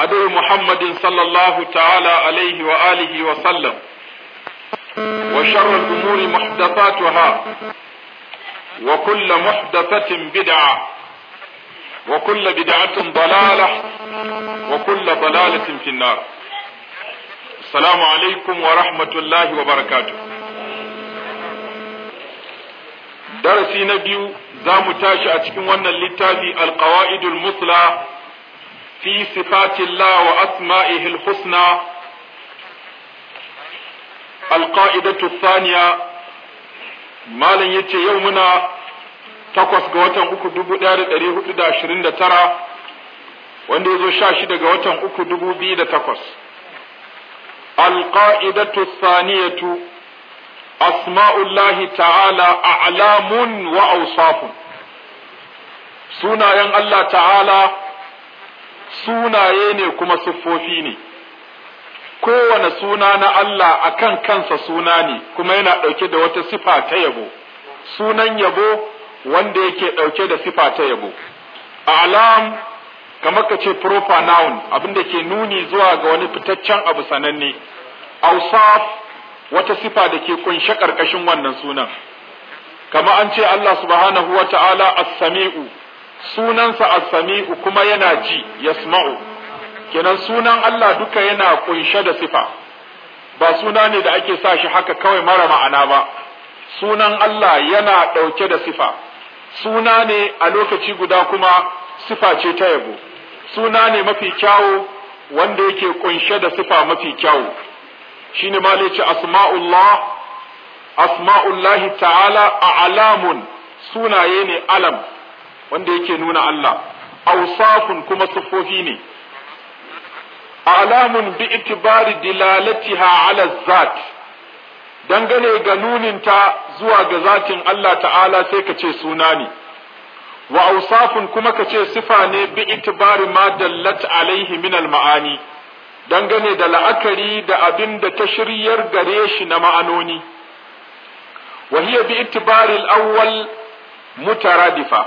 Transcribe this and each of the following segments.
هدي محمد صلى الله تعالى عليه وآله وسلم وشر الأمور محدثاتها وكل محدثة بدعة وكل بدعة ضلالة وكل ضلالة في النار السلام عليكم ورحمة الله وبركاته درسي نبيو زامتاش أتكون الكتاب القواعد المثلى في صفات الله وأسمائه الحسنى القائدة الثانية ما لن يتي يومنا تقوس قوتا أكو دبو دار الأريه دا عشرين دا ترى wanda ya zo sha shida ga watan uku dubu biyu da takwas. Alƙa'idatu saniyatu asma'ullahi ta'ala a'lamun wa ausafun sunayen Allah ta'ala sunaye ne kuma siffofi ne kowane suna na Allah akan kansa suna ne kuma yana ɗauke da wata sifa ta yabo sunan yabo wanda yake ɗauke da sifa ta yabo alam kamar ka ce proper noun abinda ke nuni zuwa ga wani fitaccen abu sananne ausaf wata sifa da ke kunshe ƙarƙashin wannan sunan kama an ce Allah subhanahu wa ta'ala as-sami'u sunansa as-sami'u kuma yana ji yasma'u kenan sunan Allah duka yana kunshe da sifa ba suna ne da ake sa shi haka kawai mara ma'ana ba sunan Allah yana ɗauke da sifa suna ne a lokaci guda kuma sifa ce ta yabo suna ne mafi kyawu wanda yake kunshe da sifa mafi kyawu shine ma ce asma'ullah asma'ullahi ta'ala a'lamun sunaye ne alam wanda yake nuna Allah ausafun kuma sufofi ne alamun bi itibari dilalatiha ala zat dangane ga nuninta zuwa ga zatin Allah ta'ala sai ka ce suna ne wa ausafun kuma ka ce sifa ne bi itibari ma dallat alaihi min ma'ani dangane da la'akari da abin da ta shiryar gare shi na ma'anoni wa bi'itibarin bi itibari mutaradifa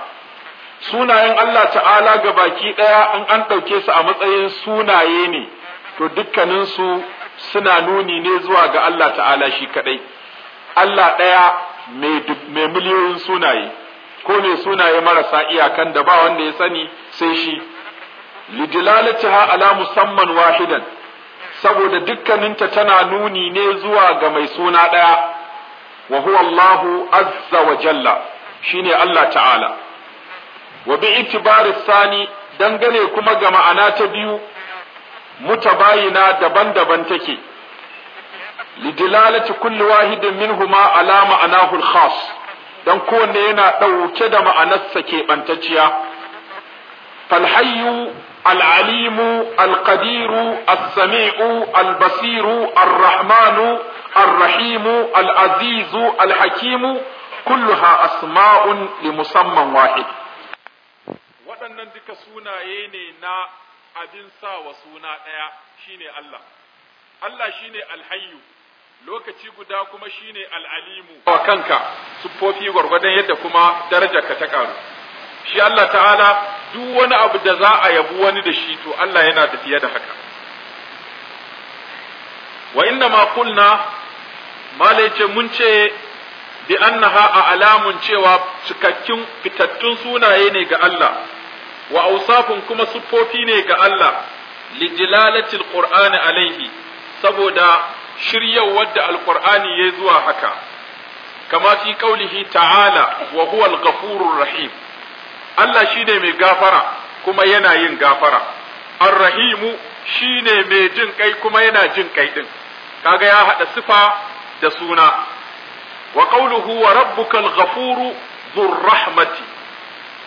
sunayen Allah ta'ala ga baki ɗaya in an ɗauke su a matsayin sunaye ne to dukkaninsu suna nuni ne zuwa ga Allah ta'ala shi kaɗai Allah ɗaya mai miliyoyin sunaye ko mai sunaye marasa iyakan da ba wanda ya sani sai shi ha ala musamman wahidan saboda dukkaninta tana nuni ne zuwa ga mai suna ɗaya wa huwa Allahu azza wa jalla shine Allah ta'ala wa bi itibari sani dangane kuma ga ma'ana ta biyu mutabayina daban-daban take lidilalati kulli wahidin minhuma ala ma'anahu al-khas dan kowanne yana ɗauke da ma'anarsa keɓantacciya falhayyu العليم القدير السميع البصير الرحمن الرحيم العزيز الحكيم asma'un li musamman wahid waɗannan duka sunaye ne na abin sawa suna ɗaya shine Allah Allah shine alhayyu lokaci guda kuma shine al'alimu wa kanka siffofi gwargwadon yadda kuma darajarka ta karu shi Allah ta'ala duk wani abu da za a yabu wani da shi to Allah yana da fiye da haka wa inna ma kulna mun ce bi annaha a alamun cewa cikakkin fitattun sunaye ne ga Allah wa ausafun kuma siffofi ne ga Allah lijilalatil qur'ani alaihi saboda shiryawar da alqur'ani ya yi zuwa haka kama fi qaulihi ta'ala wa huwa al rahim Allah shine mai gafara kuma yana yin gafara ar-rahimu ne mai jin ƙai kuma yana jin ƙai ɗin. kaga ya haɗa sifa da suna wa qawluhu wa rabbukal gafuru dhur rahmati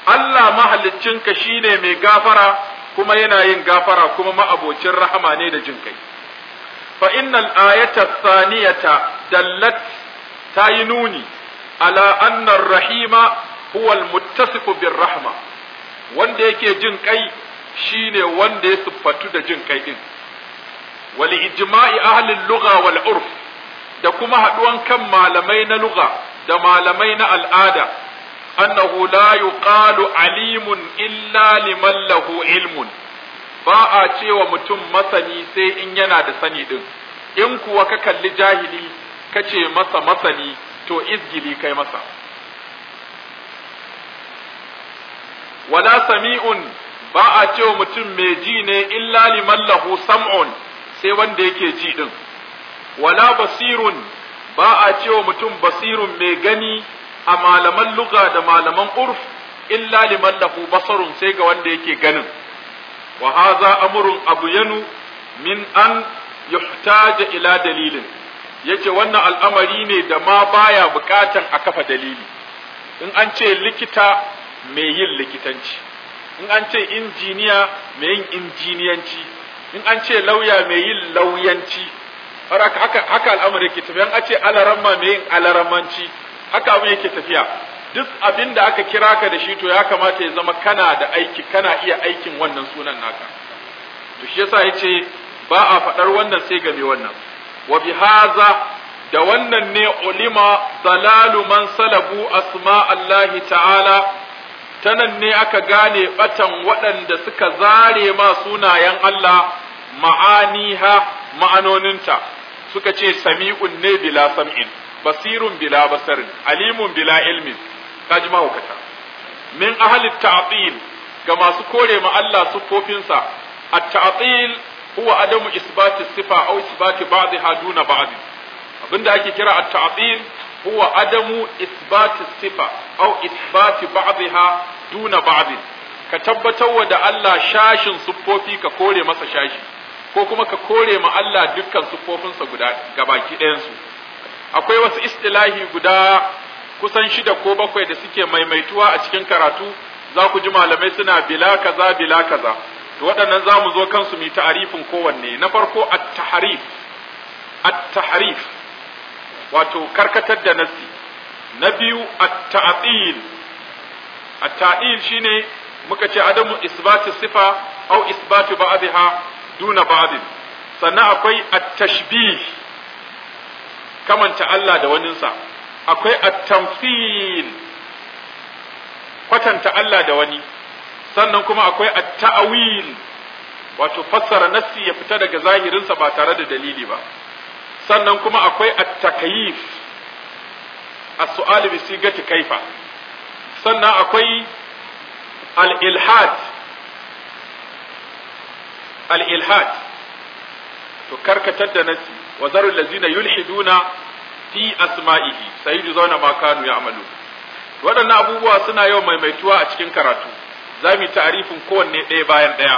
Allah mahaliccinka shine mai gafara kuma yana yin gafara kuma ma'abocin rahama ne da jin kai fa innal ayata thaniyata dallat ta yi nuni ala anna rahima huwal muttasifu bin rahama. wanda yake jin kai shine wanda ya siffatu da jin kai ɗin. wal ijma'i ahalin luga wal urf da kuma haɗuwan kan malamai na luga da malamai na al'ada annahu la yuqalu alimun illa liman lahu ilmun ba a cewa mutum masani sai in yana da sani din in kuwa ka kalli jahili kace masa masani to izgili kai masa wala sami'un ba a cewa mutum mai ji ne illa liman lahu sam'un sai wanda yake ji din wala basirun ba a cewa mutum basirun mai gani a malaman luga da malaman urf illa liman lahu basarun sai ga wanda yake ganin wa amurun amrun yanu min an yuhtaja ila dalilin yace wannan al'amari ne da ma baya bukatan a kafa dalili in an ce likita mai yin likitanci in an ce injiniya mai yin injiniyanci in an ce lauya mai yin lauyanci haka haka al'amari ke tafiyan ce alaramma mai yin alaramanci haka abin yake tafiya duk abin da aka kira ka da shi to ya kamata ya zama kana da aiki kana iya aikin wannan sunan naka to shi yasa yace ba a faɗar wannan sai game wannan wa haza da wannan ne ulima dalalu man salabu asma Allah ta'ala tanan ne aka gane batan waɗanda suka zare ma sunayen Allah ma'aniha ma'anoninta suka ce sami'un ne bila sam'in basirun bila basarin alimun bila ilmin kaji mahaukata min ahli ta'til ga masu kore ma Allah sufofinsa a tatil huwa adamu isbati sifa au isbati ba'dha duna ba'd abinda ake kira a tatil huwa adamu isbati sifa au isbati ha duna ba'd ka tabbatar da Allah shashin sufofi ka kore masa shashi ko kuma ka kore ma Allah dukkan sufofinsa guda gabaki ɗayan su akwai wasu istilahi guda kusan shida ko bakwai da suke maimaituwa a cikin karatu za ku ji malamai suna bila kaza bila kaza to waɗannan za mu zo kansu mu yi ta'arifin kowanne na farko at-tahrif at-tahrif wato karkatar da nassi na biyu at-ta'til at-ta'til shine muka ce adamu isbatu sifa au isbatu ba'daha duna ba'din sannan akwai at-tashbih kamanta Allah da waninsa akwai a tamfin kwatanta Allah da wani sannan kuma akwai a tawil wato fassara nassi ya fita daga zahirinsa ba tare da dalili ba sannan kuma akwai a takyif as-su'al bi sigati kaifa sannan akwai al-ilhad al-ilhad to karkatar da nassi wa zarul lazina yulhiduna fi asma'ihi sayujzauna ma kanu ya'malu waɗannan abubuwa suna yau maimaituwa a cikin karatu za mu yi kowanne ɗaya bayan ɗaya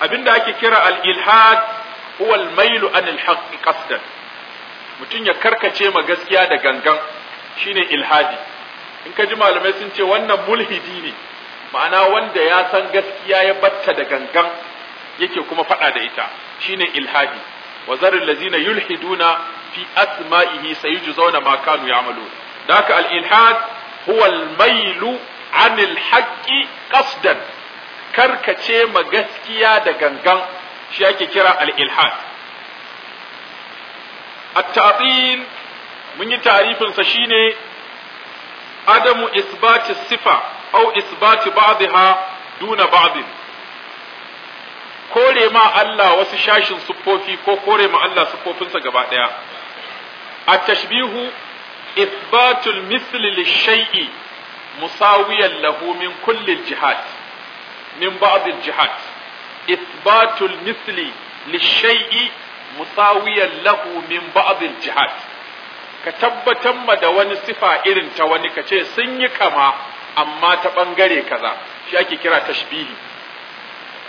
abinda ake kira al-ilhad huwa al-mailu an al-haqqi qasdan mutum ya karkace ma gaskiya da gangan shine ilhadi in ka ji malamai sun ce wannan mulhidi ne ma'ana wanda ya san gaskiya ya batta da gangan yake kuma faɗa da ita shine ilhadi wa zaril lazina yulhiduna fi asma'ihi sayujzauna ma kanu ya'malu daka al ilhad huwa al mailu an ƙasdan karkace ma gaskiya da gangan shi ake kira al ilhad at ta'til mun yi ta'rifin shi shine adamu isbati sifa au isbati ba'daha duna ba'din kore ma Allah wasu shashin siffofi ko kore ma Allah siffofinsa gaba ɗaya a tashbihu Isbatul, misli lishay'i musawiyan lahu min kulli jihad min ba'd jihad Isbatul, misli lishay'i musawiyan lahu min ba'd jihad ka tabbatar ma da wani sifa irin ta wani kace sun yi kama amma ta bangare kaza shi ake kira tashbihi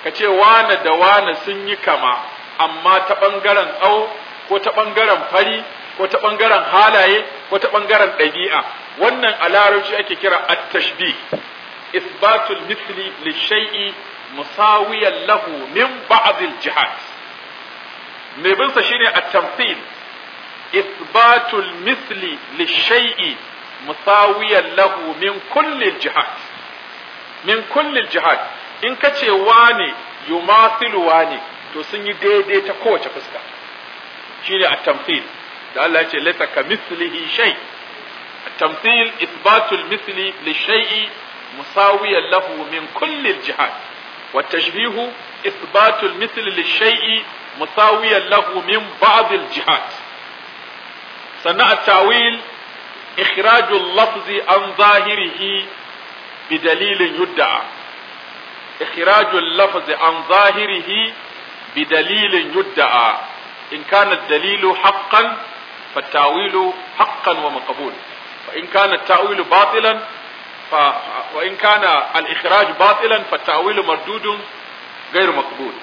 ka ce wane da wane sun yi kama amma ta ɓangaren tsawo ko ta ɓangaren fari ko ta ɓangaren halaye ko ta ɓangaren ɗabi'a wannan a larabci ake kira at-tashbih isbatul misli li shay'i musawiyan lahu min ba'd al me bin sa shine at-tamthil isbatul misli li shay'i musawiyan lahu min kulli al min kulli in ka ce wane yumathilu wane to sun yi daidai ta kowace fuska shine a tamthil da Allah ya ce laita ka mislihi shay at-tamthil ithbatul misli li shay'i musawiyan lahu min kulli jihad wa tashbihu ithbatul misli li shay'i musawiyan lahu min ba'd al-jihad sannan tawil ikhrajul lafzi an zahirihi dalilin yudda'a إخراج اللفظ عن ظاهره بدليل يدعى إن كان الدليل حقا فالتأويل حقا ومقبول وإن كان التأويل باطلا ف... وإن كان الإخراج باطلا فالتأويل مردود غير مقبول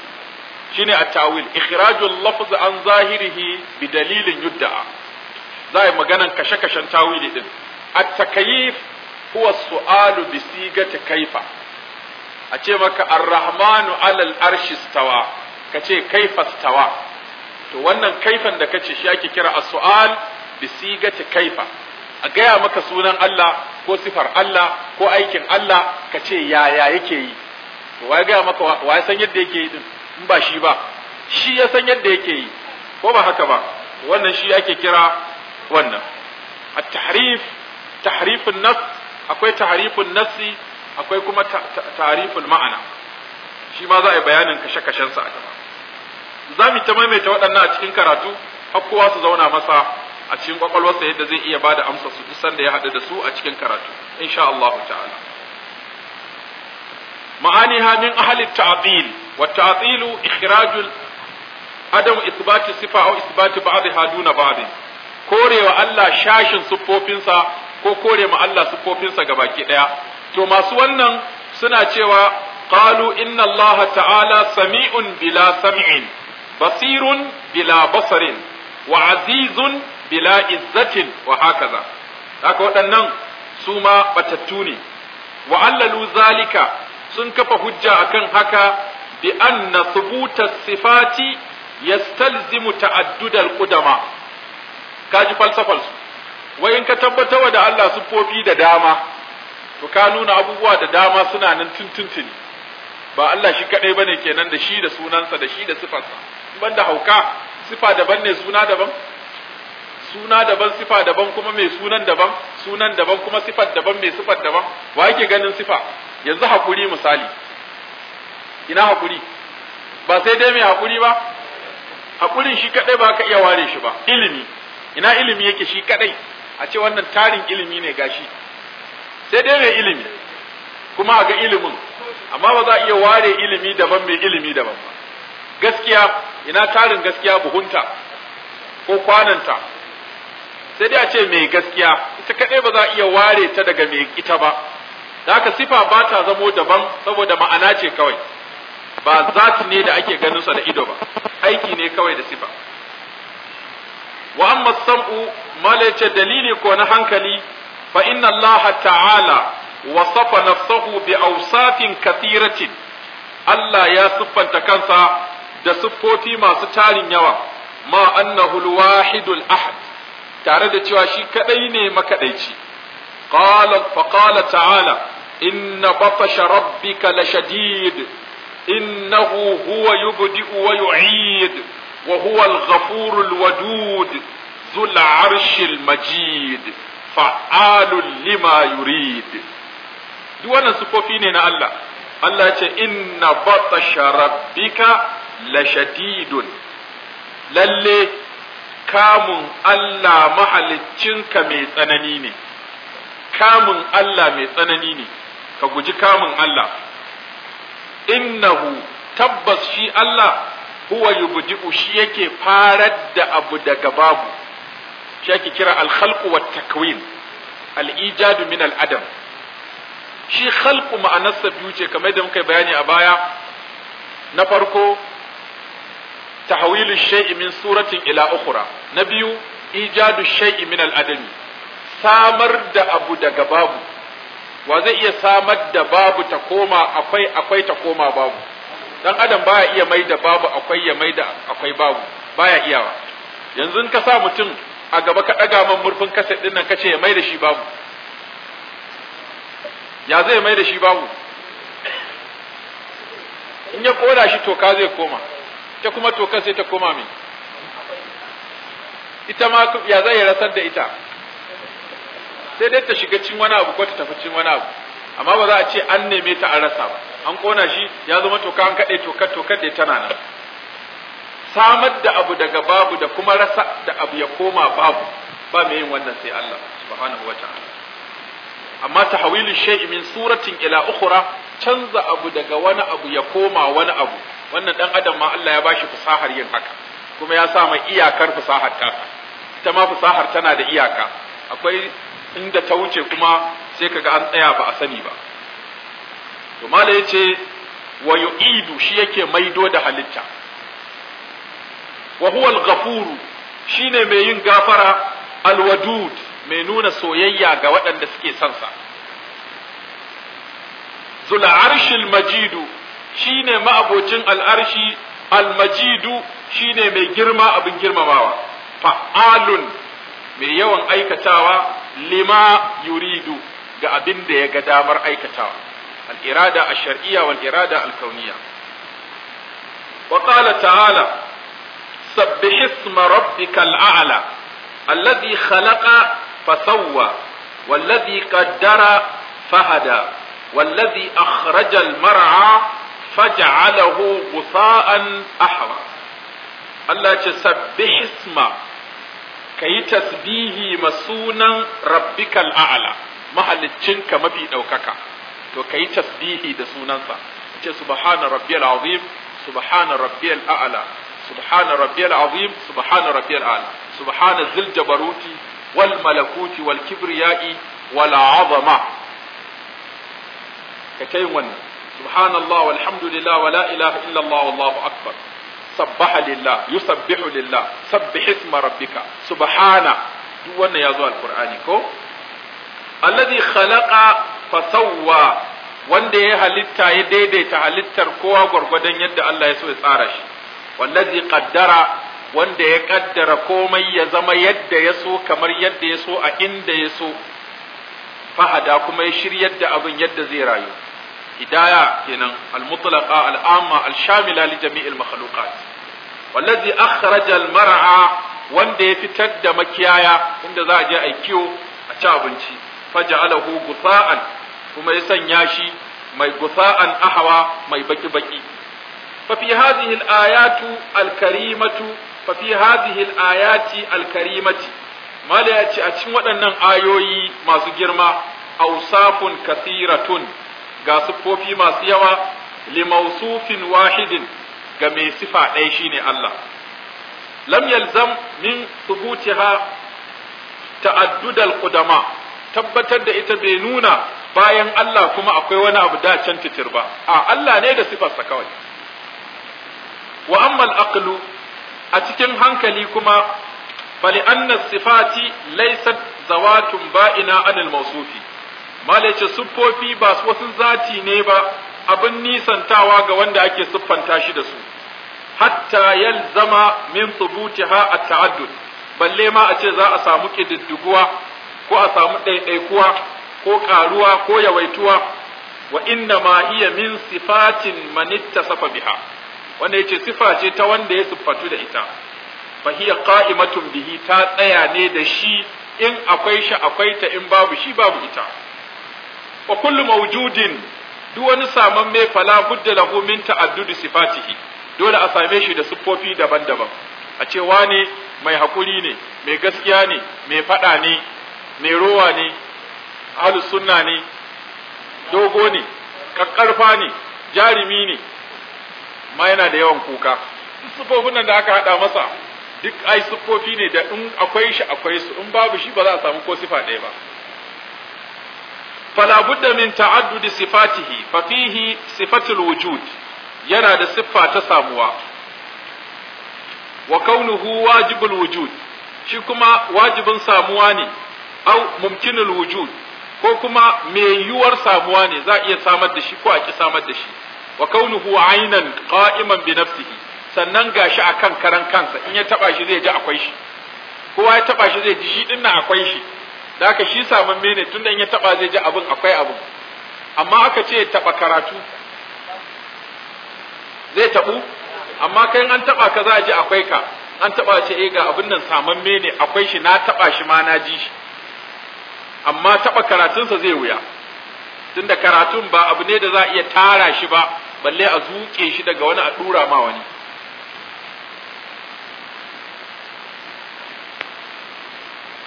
شنو التأويل إخراج اللفظ عن ظاهره بدليل يدعى زي ما قلنا كشكشن تأويل التكييف هو السؤال بصيغة كيف a ce maka ar-rahmanu alal arshi stawa ka ce kaifa stawa to wannan kaifan da kace shi ake kira as-su'al bi sigati kaifa a gaya maka sunan Allah ko sifar Allah ko aikin Allah ka ce yaya yake yi to wai gaya maka wa ya san yadda yake yi din in ba shi ba shi ya san yadda yake yi ko ba haka ba wannan shi ake kira wannan at-tahrif tahrifun nafs akwai tahrifun nafsi akwai kuma tariful ma'ana shi ma za a yi bayanin kashe-kashen sa a gaba za mu ta maimaita waɗannan a cikin karatu har kowa su zauna masa a cikin kwakwalwarsa yadda zai iya ba da amsa su duk da ya haɗu da su a cikin karatu insha Allah ta'ala ahalin من أهل التعطيل والتعطيل إخراج عدم إثبات Isbati أو Haduna بعضها دون بعض كوري وألا شاش ko kore ma Allah sufofinsa gabaki daya to masu wannan suna cewa qalu inna allaha ta'ala sami'un bila sam'in basirun bila basarin wa azizun bila izzatin wa hakaza haka waɗannan su ma batattu ne wa allalu zalika sun kafa hujja akan haka bi anna thubuta sifati yastalzimu ta'addudal qudama kaji falsafal su wai in ka tabbatawa da Allah sufofi da dama to ka nuna abubuwa da dama suna nan tuntuntuni ba Allah shi kadai bane kenan da shi da sunansa da shi da sifarsa ban da hauka sifa daban ne suna daban suna daban sifa daban kuma mai sunan daban sunan daban kuma sifar daban mai sifar daban wa yake ganin sifa yanzu hakuri misali ina hakuri ba sai dai mai hakuri ba hakurin shi kadai ba ka iya ware shi ba ilimi ina ilimi yake shi kadai a ce wannan tarin ilimi ne gashi sai dai mai ilimi kuma a ga ilimin amma ba za a iya ware ilimi daban mai ilimi daban ba gaskiya ina tarin gaskiya buhunta ko kwananta sai dai a ce mai gaskiya ita kaɗai ba za a iya ware ta daga mai ita ba da haka sifa ba ta zamo daban saboda ma'ana ce kawai ba zati ne da ake ganinsa da ido ba aiki ne kawai da sifa wa amma sam'u mala ce dalili ko na hankali fa inna Allah ta'ala wasafa nafsahu bi awsafin kathiratin Allah ya siffanta kansa da siffofi masu tarin yawa ma annahu al-wahidul ahad tare da cewa shi kadai ne makadaici qala fa qala ta'ala inna batasha rabbika lashadid innahu huwa yubdi'u wa yu'id wa huwal gafurul wadud dhul 'arshil majid fa'alun lima yurid duk wannan sufofi ne na Allah Allah ce inna batsha rabbika la shadidun lalle kamun Allah ka mai tsanani ne kamun Allah mai tsanani ne ka guji kamun Allah innahu tabbas shi Allah huwa yubdi'u shi yake farar da abu daga babu shi ake kira al wa wat takwin min al'adam adam shi halku ma'anarsa biyu ce kamar da muka bayani a baya na farko tahwilu hawilu min suratin ila ukura na biyu ijadu shay'i min adami samar da abu daga babu wa zai iya samar da babu ta koma akwai akwai ta koma babu dan adam baya iya mai da babu akwai ya mai da akwai babu baya iyawa yanzu ka sa mutum a gaba ka ɗaga man murfin kaset ɗin nan ka ce ya mai da shi babu ya zai mai da shi babu in ya ƙona shi toka zai koma ta kuma tokan sai ta koma mai ita ma ya zai rasar da ita sai dai ta shiga cin wani abu ko ta tafi cin wani abu amma ba za a ce an neme ta an rasa ba an ƙona shi ya zama toka an kaɗe tokar tokar da tana nan samar da abu daga babu da kuma rasa da abu ya koma babu ba mai yin wannan sai Allah subhanahu wa ta'ala amma tahwilu shay'i min suratin ila ukhra canza abu daga wani abu ya koma wani abu wannan dan adam ma Allah ya bashi fasahar yin haka kuma ya sa mai iyakar fasahar ta ita ma fasahar tana da iyaka akwai inda ta wuce kuma sai kaga an tsaya ba a sani ba to mala yace wa yu'idu shi yake maido da halitta wa huwa al-ghafuru shine mai yin gafara al-wadud mai nuna soyayya ga waɗanda suke sonsa. sa zul arshil majidu shine ma'abocin al-arshi al-majidu shine mai girma abin girmamawa fa'alun mai yawan aikatawa lima ga abin da ya ga damar aikatawa al-irada ash-shar'iyya wal irada al-kawniyya wa qala ta'ala سبح اسم ربك الأعلى الذي خلق فسوى والذي قدر فهدى والذي أخرج المرعى فجعله غثاء أحرى الله تسبح اسم كي تسبيه مسونا ربك الأعلى ما هل تشنك ما في دوكك وكي تسبيه دسونا سبحان ربي العظيم سبحان ربي الأعلى subhana rabbiyal azim subhana rabbiyal al subhana zil jabaruti wal malakuti wal kibriyai wal azama ka kai wannan subhanallah walhamdulillah wala ilaha illallah wallahu akbar sabbaha lillah yusabbihu lillah sabbih isma rabbika subhana duk wannan yazo alqur'ani ko alladhi khalaqa fasawwa wanda ya halitta ya daidaita halittar kowa gwargwadon yadda Allah ya so ya tsara shi wallazi qaddara wanda ya kaddara komai ya zama yadda ya so kamar yadda ya so a inda ya so fahada kuma ya shiryar da abin yadda zai rayu hidaya kenan al-mutlaqa al-amma al-shamila li jami'il makhluqat wallazi akhraja al-mar'a wanda ya fitar da makiyaya inda za a je a kiwo a ci abinci faja'alahu gusa'an kuma ya sanya shi mai gusa'an ahawa mai baki baki ففي هذه الآيات الكريمة ففي هذه الآيات الكريمة ما لا يأتي أتشم ودنن آيوي ما سجرما أوصاف كثيرة غاسبو في ما سيوا لموصوف واحد game sifa ɗaya shine Allah lam yalzam min thubutiha ta'addud al tabbatar da ita bai nuna bayan Allah kuma akwai wani abu da can titir ba a Allah ne da sifarsa kawai wa ammal aqlu a cikin hankali kuma bali anna sifati laysat zawatun ba'ina anil mawsufi malace siffofi ba wasu zati ne ba abin nisantawa ga wanda ake siffanta shi da su hatta yalzama min thubutiha at-ta'addud balle ma a ce za a samu kididdiguwa ko a samu ɗaiɗaikuwa ko ƙaruwa ko yawaituwa wa inna ma hiya min sifatin man ittasafa biha wanda yace sifa ce ta wanda ya siffatu da ita fa hiya qa'imatun bihi ta tsaya ne da shi in akwai shi akwai ta in babu shi babu ita wa kullu mawjudin duk wani saman mai fala budda lahu min ta'addudi sifatihi dole a same shi da siffofi daban-daban a ce wane mai hakuri ne mai gaskiya ne mai fada ne mai rowa ne ahlus sunna ne dogo ne kakkarfa ne jarimi ne amma yana da yawan kuka siffofin nan da aka haɗa masa duk ai siffofi ne da in akwai shi akwai su in babu shi ba za a samu ko sifa ɗaya ba fala budda min ta'addudi sifatihi fa fihi sifatul wujud yana da siffa ta samuwa wa kaunuhu wajibul wujud shi kuma wajibin samuwa ne au mumkinul wujud ko kuma mai yiwuwar samuwa ne za a iya samar da shi ko a ki samar da shi wa kaunuhu aynan qa'iman bi nafsihi sannan gashi akan karan kansa in ya taba shi zai ji akwai shi kowa ya taba shi zai ji shi din akwai shi da haka shi samun mene tunda in ya taba zai ji abin akwai abu amma aka ce taba karatu zai tabu amma kai an taba ka za a ji akwai ka an taba ce eh ga abin nan saman mene akwai shi na taba shi ma na ji shi amma taba karatunsa zai wuya tunda karatun ba abu ne da za a iya tara shi ba balle a zuke shi daga wani a dura ma wani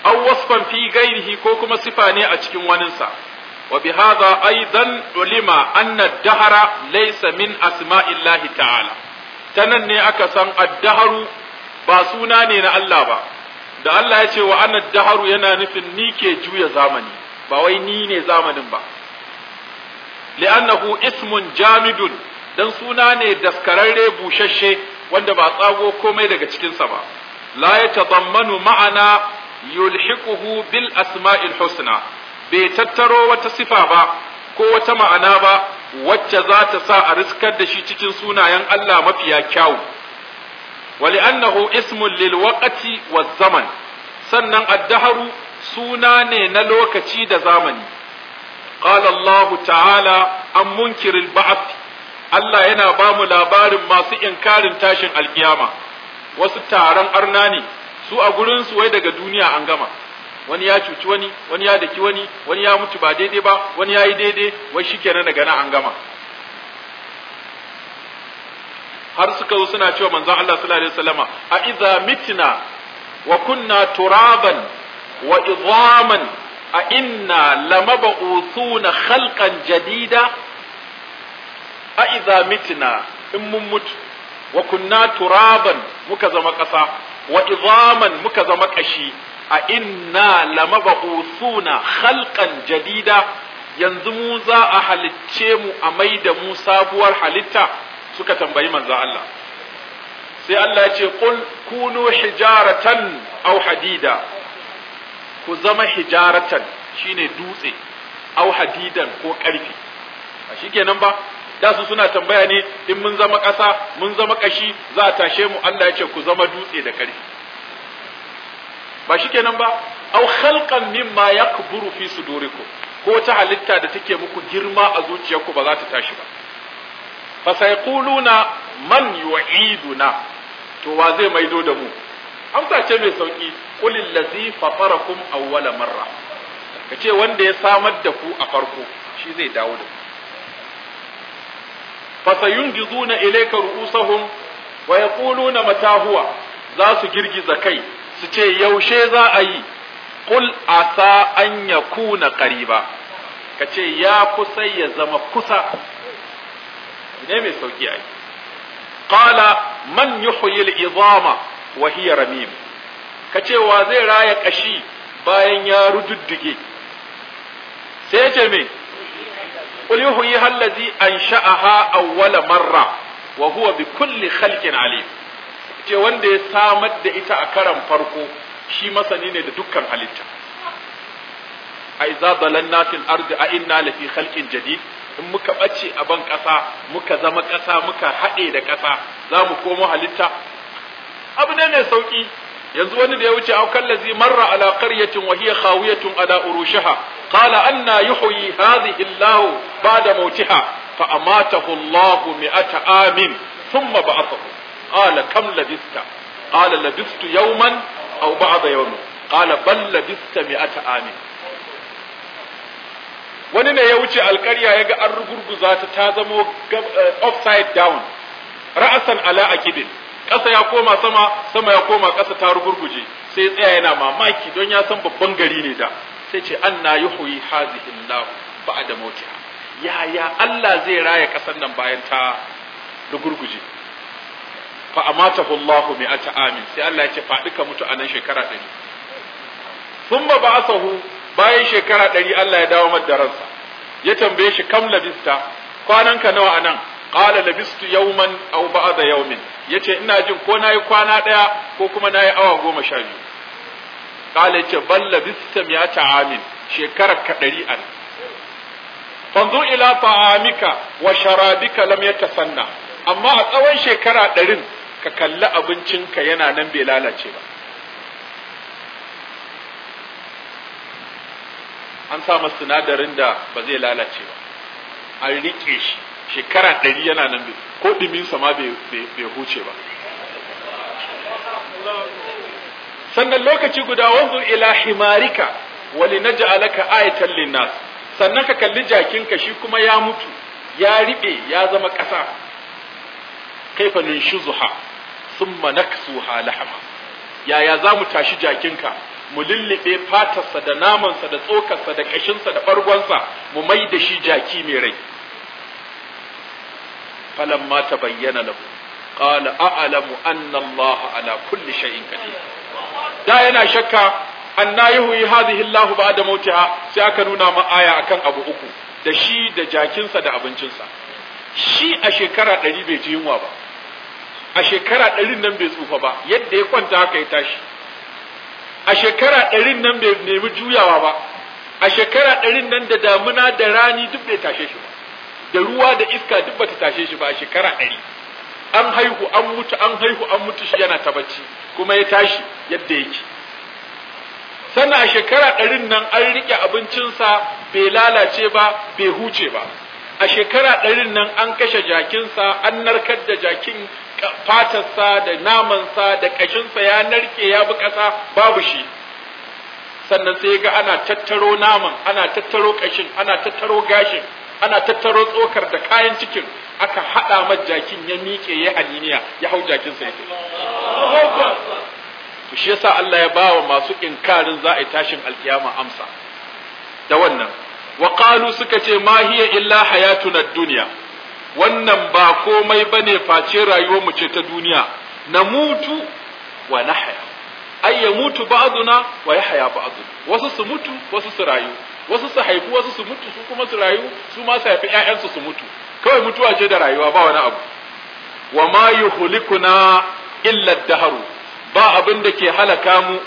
aw wasfan fi ghairihi ko kuma sifa ne a cikin waninsa wa bi hadha aidan ulima anna dahara laysa min asma'illahi ta'ala tanan ne aka san ad-daharu ba suna ne na Allah ba da Allah ya ce wa anna yana nufin ni ke juya zamani ba wai ni ne zamanin ba li'annahu ismun jamidun dan suna ne daskararre bushashe wanda ba tsago komai daga cikinsa ba la yatadammanu ma'ana yulhiquhu bil asma'il husna bai tattaro wata sifa ba ko wata ma'ana ba wacce za ta sa a riskar da shi cikin sunayen Allah mafiya kyawu ismun اسم للوقت zaman. sannan addaharu suna ne na lokaci da zamani Kalallahu ta'ala an munkiri ba'th Allah yana ba mu labarin masu inkarin tashin alkiyama wasu taron arna ne su a gurin su wai daga duniya an gama wani ya cuci wani wani ya daki wani wani ya mutu ba daidai ba wani ya yi daidai wai shi shikenan daga nan an gama har suka zo suna cewa manzon Allah sallallahu alaihi wasallama a idza mitna wa kunna turaban wa idhaman a inna lamaba'uthuna halkan jadida a idza in mun mutu wa kunna turaban muka zama ƙasa wa izaman muka zama ƙashi a inna na halkan jadida yanzu mu za a halicce mu a mai da mu sabuwar halitta suka tambayi manzo Allah sai Allah ya ce qul kunu hijaratan aw hadida ku zama hijaratan shine dutse au hadidan ko ƙarfi a shikenan ba da su suna tambaya ne in mun zama ƙasa mun zama ƙashi za a tashe mu Allah ya ce ku zama dutse da ƙarfi ba shikenan ba au khalqan mimma yakburu fi sudurikum ko ta halitta da take muku girma a zuciyarku ba za ta tashi ba fa sayquluna man yu'iduna to wa zai maido da mu amsa ce mai sauki kulil ladzi fatarakum awwala marra kace wanda ya samar da ku a farko shi zai dawo da ku sayunjizuna ilayka ru'usahum wa yaquluna mata huwa za su girgiza kai su ce yaushe za a yi Kul asa an yakuna qariba kace ya kusa ya zama kusa ne mai sauki ai qala man yuhyil idama wa ramim ka cewa zai raya kashi bayan ya rududdige sai ya ce me qul yuhyi allazi ansha'aha awwala marra wa huwa bi kulli khalqin alim ce wanda ya samar da ita a karan farko shi masani ne da dukkan halitta a iza fil ardi a inna lafi khalqin jadid in muka bace a ban kasa muka zama kasa muka hade da kasa za mu komo halitta abu ne mai sauki yanzu wani da ya wuce au kallazi marra ala qaryatin wa hiya khawiyatun ala urushiha qala anna yuhyi hadhihi Allah ba'da mautiha fa amatahu Allah mi'ata amin thumma ba'athahu qala kam labista qala labistu yawman aw ba'da yawmin qala bal labista mi'ata amin wani ne ya wuce alƙarya ya ga an rugurguza ta ta zamo eh, upside down ra'asan ala akibin ƙasa ya koma sama sama ya koma ƙasa ta rugurguje sai tsaya yana mamaki don ya san babban gari ne da sai ce anna yuhyi hazihi Allah ba'da ya yaya Allah zai raya ƙasar nan bayan ta rugurguje fa hullahu mai ata amin sai Allah ya ce faɗi ka mutu a nan shekara ɗari sun ba bayan shekara ɗari Allah ya dawo madaransa ya tambaye shi kam labista kwananka nawa a nan qala labistu yawman aw ba'da yawmin yace ina jin ko nayi kwana daya ko kuma nayi awa goma sha biyu qala yace bal labistu ya amin shekarar ka ɗari an fanzu ila ta'amika wa sharabika lam yatasanna amma a tsawon shekara ɗarin ka kalli abincin ka yana nan bai lalace ba an sa sinadarin da ba zai lalace ba an riƙe shi shekara ɗari yana nan bai ko ɗiminsa ma bai huce ba sannan lokaci guda wanzu ila himarika wani na wali naj'alaka ayatan linnas sannan ka kalli ka shi kuma ya mutu ya riɓe ya zama ƙasa kaifa sun thumma su lahama yaya za mu tashi ka mu lullube fatarsa da namansa da tsokarsa da kashinsa da ɓargonsa mu mai da shi jaki mai rai falamma tabayyana lahu qala a'lamu anna Allah ala kulli shay'in qadir da yana shakka anna yuhyi hadhihi Allah ba'da mautiha sai aka nuna ma aya akan abu uku da shi da jakinsa da abincinsa shi a shekara ɗari bai ji yunwa ba a shekara ɗarin nan bai tsufa ba yadda ya kwanta haka ya tashi a shekara ɗarin nan bai nemi juyawa ba a shekara ɗarin nan da damuna da rani duk bai tashe shi ba da ruwa da iska duk bata tashe shi ba a shekara ɗari an haihu an mutu an haihu an mutu shi yana ta bacci kuma ya tashi yadda yake sannan a shekara ɗarin nan an riƙe abincinsa bai lalace ba bai huce ba a shekara ɗarin nan an kashe jakinsa an narkar da jakin fatarsa da namansa da ƙashinsa ya narke ya bi ƙasa babu shi sannan sai ga ana tattaro naman ana tattaro ƙashin ana tattaro gashin ana tattaro tsokar da kayan cikin aka haɗa majakin ya miƙe ya haliniya ya hau jakinsa ya to shi yasa Allah ya ba wa masu inkarin za a yi tashin alkiyama amsa da wannan wa qalu suka ce ma hiya illa hayatuna dunya wannan ba komai bane face rayuwar mu ce ta duniya namutu wa nahya ay yamutu ba'duna wa yahya ba'dun wasu su mutu wasu su rayu wasu su haifu wasu su mutu su kuma su rayu su ma su haifi ƴaƴansu su mutu kawai mutuwa ce da rayuwa ba wani abu wa ma yuhlikuna illa daharu ba abin da ke halaka mu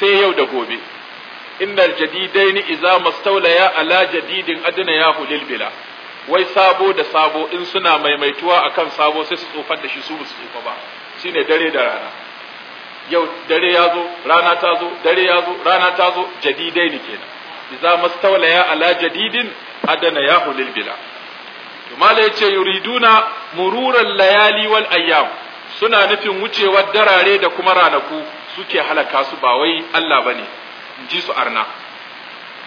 sai yau da gobe innal jadidain idza mastawlaya ala jadidin adna ya hulil bila wai sabo da sabo in suna maimaituwa akan sabo sai su tsofar da shi su basu su tsofa ba shine dare da rana yau dare ya zo rana ta zo dare ya zo rana ta zo jadidai ne kenan idza mastawla ya ala jadidin adana yahu lil bila to mala yace yuriduna mururan layali wal ayyam suna nufin wucewar darare da kuma ranaku suke halaka su ba wai Allah bane ji su arna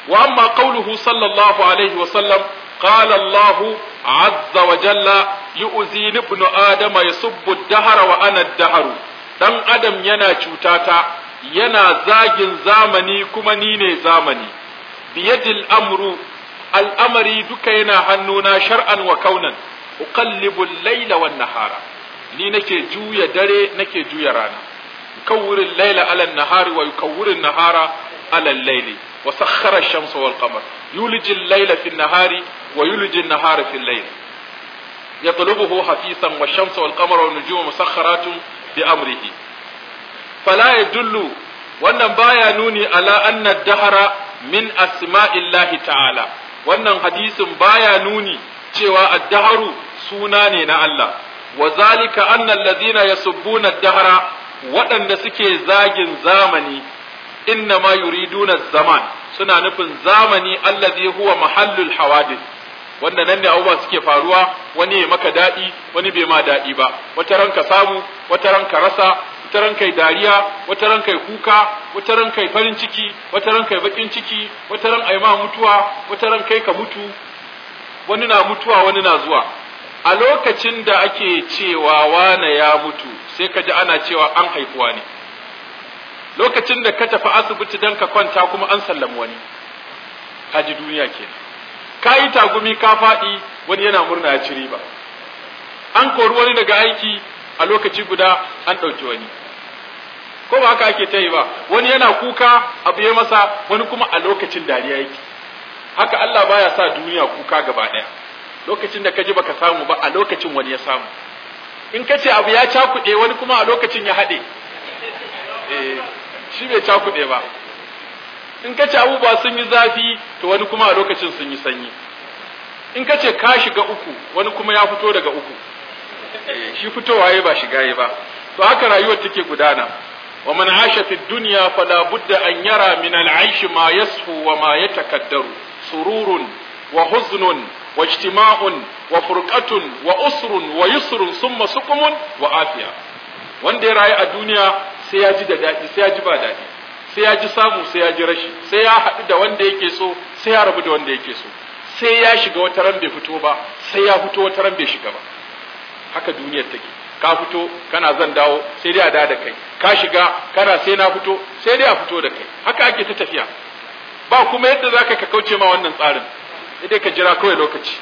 wa amma qauluhu sallallahu alaihi wa sallam قال wa عز وجل يؤذيني ابن آدم يسب الدهر dan adam yana cutata yana zagin zamani kuma ni ne zamani biyadil amru al'amari duka yana hannuna shar'an wa kaunan uqallibu laila wan nahara ni nake juya dare nake juya rana yukawwiru laila ala nahari wa yukawwiru nahara ala laili wa sakhkhara ash-shamsa wal qamar yuliju al-laila fi an-nahari wa yuliju an-nahara fi al-lail يطلبه حثيثا والشمس والقمر والنجوم مسخرات بأمره فلا يدل wannan baya nuni ala anna dahara min asma'illahi ta'ala wannan hadisin baya nuni cewa ad-daharu suna ne na Allah wa zalika anna alladhina yasubbuna ad-dahara waɗanda suke zagin zamani inna ma yuriduna zaman suna nufin zamani allazi huwa mahallul hawadith wanda nan ne abubuwa suke faruwa wani ya maka daɗi wani bai ma daɗi ba wata ranka samu wata ranka rasa wata ran kai dariya wata ran kai kuka wata ran kai farin ciki wata ran kai bakin ciki wata ran ayi ma mutuwa wata ran kai ka mutu wani na mutuwa wani na zuwa a lokacin da ake cewa wane ya mutu sai ka ji ana cewa an haifuwa ne lokacin da ka tafi asibiti don ka kwanta kuma an sallami wani ka ji duniya ke ka yi tagumi ka faɗi wani yana murna ya ci riba an kori wani daga aiki a lokaci guda an ɗauki wani ko ba haka ake ta yi ba wani yana kuka abu ya masa wani kuma a lokacin dariya yake haka Allah baya sa duniya kuka gaba ɗaya lokacin da ka ji baka samu ba a lokacin wani ya samu in ka ce abu ya cakuɗe wani kuma a lokacin ya haɗe eh, shi bai cakuɗe ba in ka ce abubuwa sun yi zafi to wani kuma a lokacin sun yi sanyi in ka ce ka shiga uku wani kuma ya fito daga uku shi fitowa ya ba shiga ya ba to haka rayuwar take gudana wa man asha fi dunya fala budda an yara min al-aish ma yasfu wa ma yatakaddaru sururun wa huznun wa ijtima'un wa furqatun wa usrun wa yusrun summa suqumun wa afiya wanda ya rayu a duniya sai ya ji da daɗi sai ya ji ba daɗi sai ya ji samu sai ya ji rashi sai ya haɗu da wanda yake so sai ya rabu da wanda yake so sai ya shiga wata ran bai fito ba sai ya fito wata ran bai shiga ba haka duniyar take ka fito kana zan dawo sai dai a da da kai ka shiga kana sai na fito sai dai a fito da kai haka ake ta tafiya ba kuma yadda zaka ka kauce ma wannan tsarin sai ka jira kawai lokaci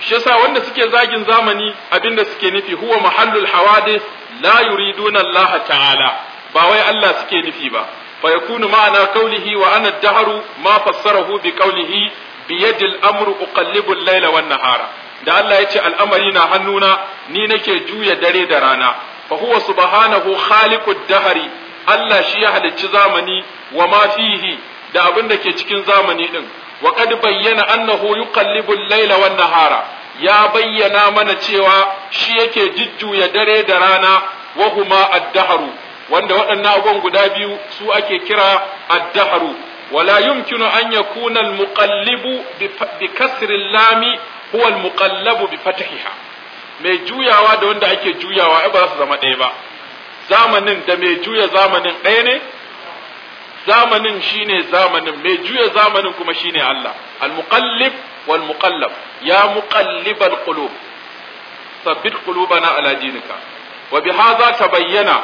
shi yasa wanda suke zagin zamani abinda suke nufi huwa mahallul hawadith la yuriduna Allah ta'ala ba wai Allah suke nufi ba fa yakunu ma'ana qawlihi wa ana ad-dahru ma fassarahu bi qawlihi bi yadi al-amru uqallibu al-layla wan-nahara da Allah ya ce al'amari na hannuna ni nake juya dare da rana fa huwa subhanahu khaliqud dahari Allah shi ya halicci zamani wa ma fihi da abin da ke cikin zamani din wa bayyana annahu yuqallibu al-laila wan nahara ya bayyana mana cewa shi yake jujjuya dare da rana wa huma ad wanda waɗannan abubuwan guda biyu su ake kira ad-dahru wala yumkinu an yakuna al-muqallibu bi kasri lami huwa al-muqallabu bi fathiha mai juyawa da wanda ake juyawa ai ba su zama ɗaya ba zamanin da mai juya zamanin ɗaya ne zamanin shine zamanin mai juya zamanin kuma shine Allah al-muqallib wal muqallab ya muqallib al-qulub sabbit qulubana ala dinika wa bihadha tabayyana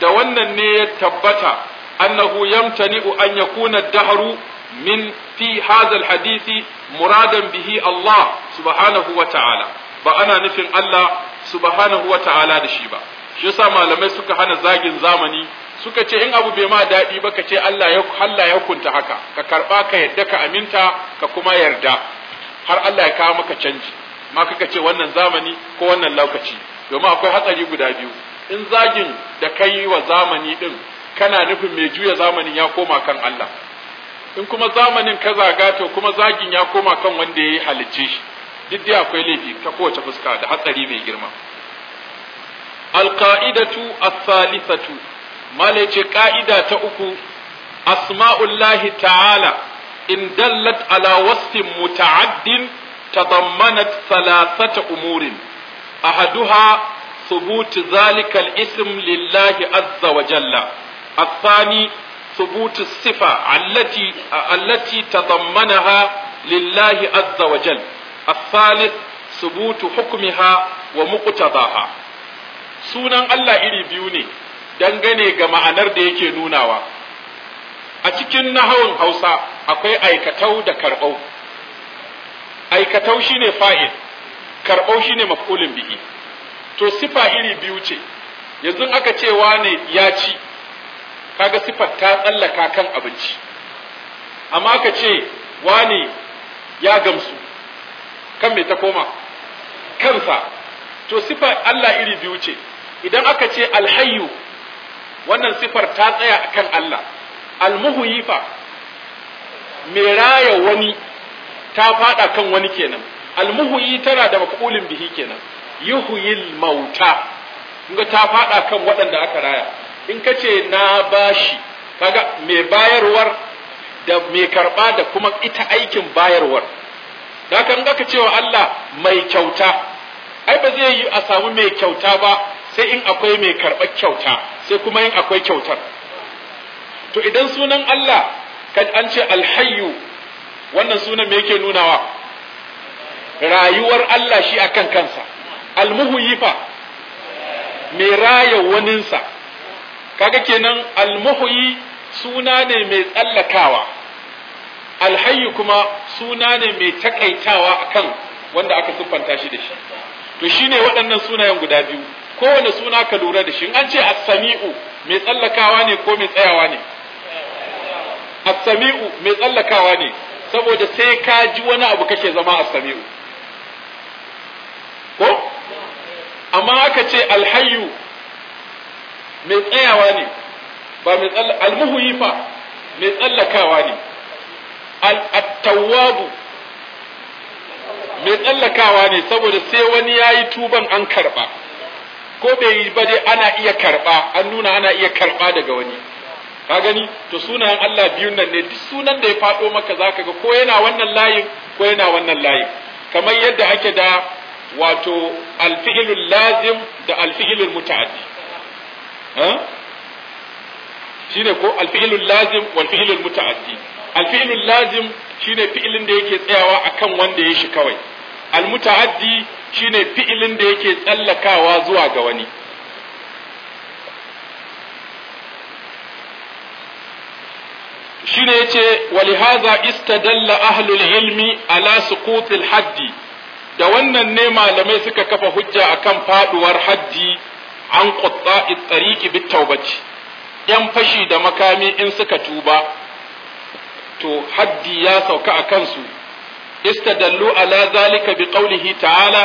da wannan ne ya tabbata annahu yamtani'u an yakuna ad-dahru min fi hadal hadisi muradan bihi Allah subhanahu wa ta'ala ba ana nufin Allah subhanahu wa ta'ala da shi ba shi yasa malamai suka hana zagin zamani suka ce in abu bai ma daɗi ba ka ce Allah ya Allah ya hukunta haka ka karɓa ka yadda ka aminta ka kuma yarda har Allah ya kawo maka canji ma kaka ce wannan zamani ko wannan lokaci domin akwai hatsari guda biyu in zagin da kai wa zamani din kana nufin mai juya zamanin ya koma kan Allah in kuma zamanin ka zaga to kuma zagin ya koma kan wanda ya halicce shi duk dai akwai laifi ta kowace fuska da hatsari mai girma alqaidatu as-salisatu malai ce ka'ida ta uku asma'ullahi ta'ala in dallat ala wasfin muta'addin tadammanat thalathata umurin ahaduha thubut zalikal ism lillahi azza wa jalla الثاني ثبوت الصفة التي التي تضمنها لله عز وجل الثالث ثبوت حكمها ومقتضاها sunan Allah iri biyu ne dangane ga ma'anar da yake nunawa a cikin nahawun Hausa akwai aikatau da karɓau aikatau shine fa'il karɓau shine maf'ulin bihi to sifa iri biyu ce yanzu aka ce wane ya ci kaga sifar ta tsallaka kan abinci amma ka ce wani ya gamsu kan me ta koma kansa to sifar Allah iri biyu ce idan aka ce alhayyu wannan sifar ta tsaya kan Allah almuhuyi fa mai raya wani ta fada kan wani kenan almuhuyi tana da makulin bihi kenan yuhyil mauta ga ta fada kan waɗanda aka raya in ka ce na bashi kaga mai bayarwar da mai karba da kuma ita aikin bayarwar da ka ga ka cewa Allah mai kyauta ai ba zai yi a samu mai kyauta ba sai in akwai mai karɓar kyauta sai kuma in akwai kyautar to idan sunan Allah kan an ce alhayyu wannan sunan me yake nunawa rayuwar Allah shi akan kansa almuhuyifa mai raya waninsa kaga kenan almuhyi suna ne mai tsallakawa alhayyu kuma suna ne mai takaitawa akan wanda aka siffanta shi da shi to shine waɗannan sunayen guda biyu kowane suna ka lura da shi an ce as-sami'u mai tsallakawa ne ko mai tsayawa ne as-sami'u mai tsallakawa ne saboda sai ka ji wani abu kake zama as-sami'u ko amma aka ce alhayyu mai tsayawa ne ba mai tsalla fa mai tsallakawa ne al mai tsallakawa ne saboda sai wani ya yi tuban an karba ko bai yi ba dai ana iya karba an nuna ana iya karba daga wani ka gani to sunayen Allah biyun nan ne duk sunan da ya fado maka zaka ga ko yana wannan layin ko yana wannan layin kamar yadda ake da wato alfi'ilul lazim da alfi'ilul muta'addi shine ko lazim wal muta'addi lazim fi'ilin da yake tsayawa akan wanda ya shi kawai al shi ne fi'ilin da yake tsallakawa zuwa ga wani shine yace walihaza istadalla ahlul ilmi ala suqutil haddi da wannan ne malamai suka kafa hujja akan faduwar haddi an qutta at-tariqi bit yan fashi da makami in suka tuba to haddi ya sauka a kansu istadallu ala zalika biqaulihi ta'ala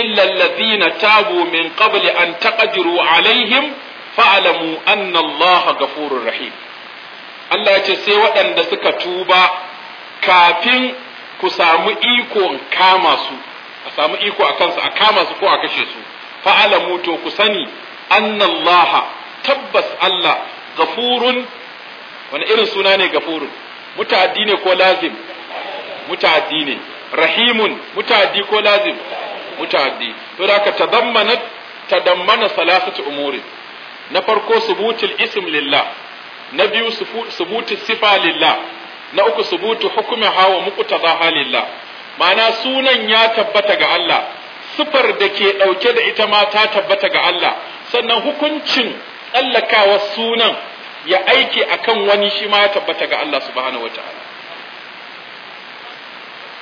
illa alladhina tabu min qabli an taqdiru alaihim fa'lamu anna Allah ghafurur rahim Allah ya ce sai waɗanda suka tuba kafin ku samu iko kama su a samu iko a kansu a kama su ko a kashe su fa'alamu to ku sani Laha, tabbas Allah gafurun wani irin suna ne gafurun muta'addi ne ko lazim muta'addi ne rahimun muta'addi ko lazim muta'addi to da ka tadammana tadammana salasatu umuri na farko subutul ism lillah na biyu subutu sifa lillah na uku subutu hukumi hawa muku muqtadaha lillah ma'ana sunan ya tabbata ga Allah siffar da ke ɗauke da ita ma ta tabbata ga Allah sannan hukuncin tsallakawa sunan ya aiki akan wani shi ma ya tabbata ga Allah subhanahu wataala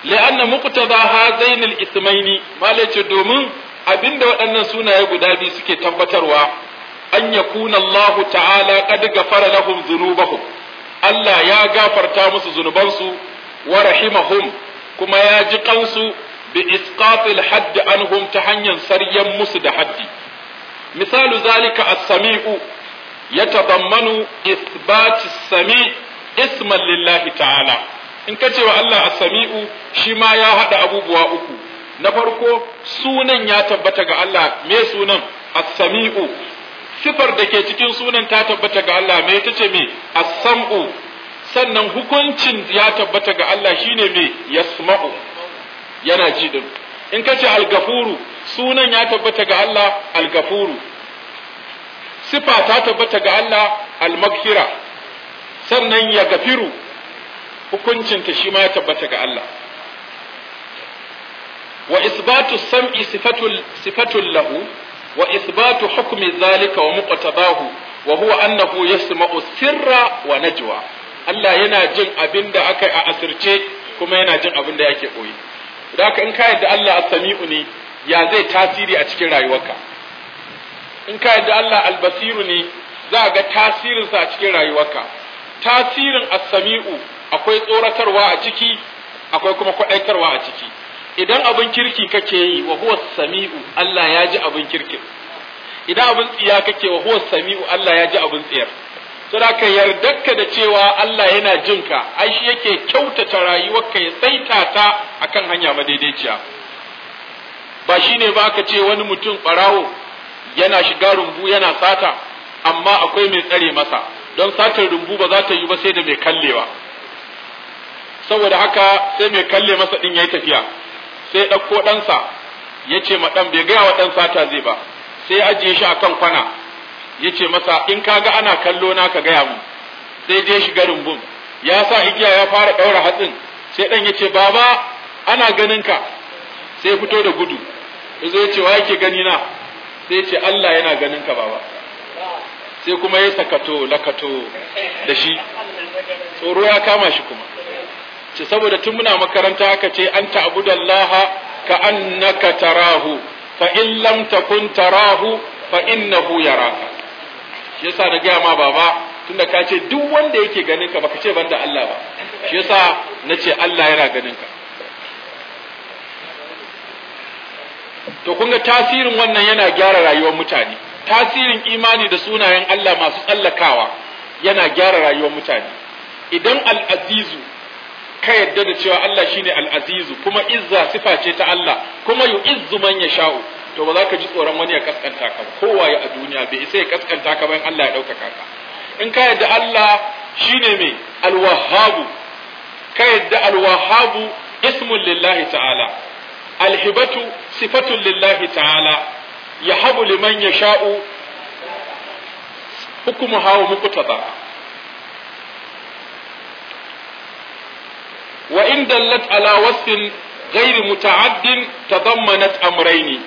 la'anna za ha al-ithmaini malace domin abinda waɗannan sunaye guda biyu suke tabbatarwa an kuna Allah ta'ala qad ghafara lahum dhunubahum Allah ya gafarta musu zunubansu wa rahimahum kuma ya ji kansu bi isqatil hadd anhum ta hanyar saryan musu da haddi misalu zalika as-sami'u yatadammanu isbat as-sami' isman lillahi ta'ala in kace wa Allah as-sami'u shi ma ya hada abubuwa uku na farko sunan ya tabbata ga Allah me sunan as-sami'u sifar da ke cikin sunan ta tabbata ga Allah me tace me as-sam'u sannan hukuncin ya tabbata ga Allah shine me yasma'u yana ji din in ka ce algafuru sunan ya tabbata ga Allah algafuru sifa ta tabbata ga Allah almaghfira sannan ya gafiru hukuncinta shi ma ya tabbata ga Allah wa isbatu sam'i sifatul sifatul lahu wa isbatu hukmi zalika wa muqtadahu wa huwa annahu yasma'u sirra wa najwa Allah yana jin abinda aka a asirce kuma yana jin abinda yake koyi da haka in ka yarda Allah as-sami'u ne ya zai tasiri a cikin rayuwarka in ka yarda Allah al-basiru ne za ga tasirin sa a cikin rayuwarka tasirin as-sami'u akwai tsoratarwa a ciki akwai kuma kwadaitarwa a ciki idan abin kirki kake yi wa huwa sami'u Allah ya ji abin kirkin idan abin tsiya kake wa huwa sami'u Allah ya ji abin tsiyar Sadaka yardarka da cewa Allah yana jinka, ai shi yake kyautata rayuwarka ya tsaita ta akan hanya madaidaiciya. Ba shi ne ba ka ce wani mutum ɓarawo yana shiga rumbu yana sata, amma akwai mai tsare masa, don satar rumbu ba za ta yi ba sai da mai kallewa. Saboda haka sai mai kalle masa ɗin ya yi tafiya, sai ɗauko ɗansa ya ce ma ɗan bai gaya wa ɗan sata zai ba, sai ajiye shi akan kwana. yace masa in kaga ana kallo na ka gaya mun sai dai shiga rumbun ya sa igiya ya fara daura hatsin sai dan yace baba ana ganin ka sai fito da gudu yazo yace wa yake gani na sai yace Allah yana ganin ka baba sai kuma ya sakato lakato da shi tsoro ya kama shi kuma ce saboda tun muna makaranta aka ce an ta'budallaha ka annaka tarahu fa in lam takun tarahu fa innahu yaraka shi yasa na gaya ma baba tunda ka ce duk wanda yake ganin ka baka ce banda Allah ba shi yasa na ce Allah yana ganin ka to kun ga tasirin wannan yana gyara rayuwar mutane tasirin imani da sunayen Allah masu tsallakawa yana gyara rayuwar mutane idan al'azizu ka yadda da cewa Allah shine al'azizu kuma izza sifa ce ta Allah kuma yu'izzu man yasha'u to ba za ka ji tsoron wani ya kaskanta ka ba kowaye a duniya bai isa ya kaskanta ka ba in Allah ya ɗaukaka ka in ka yadda Allah shine mai alwahabu ka yadda alwahabu ismun lillahi ta'ala alhibatu sifatun lillahi ta'ala yahabu liman yasha'u hukumu hawa muqtada wa in dallat ala wasfin غير متعد تضمنت أمرين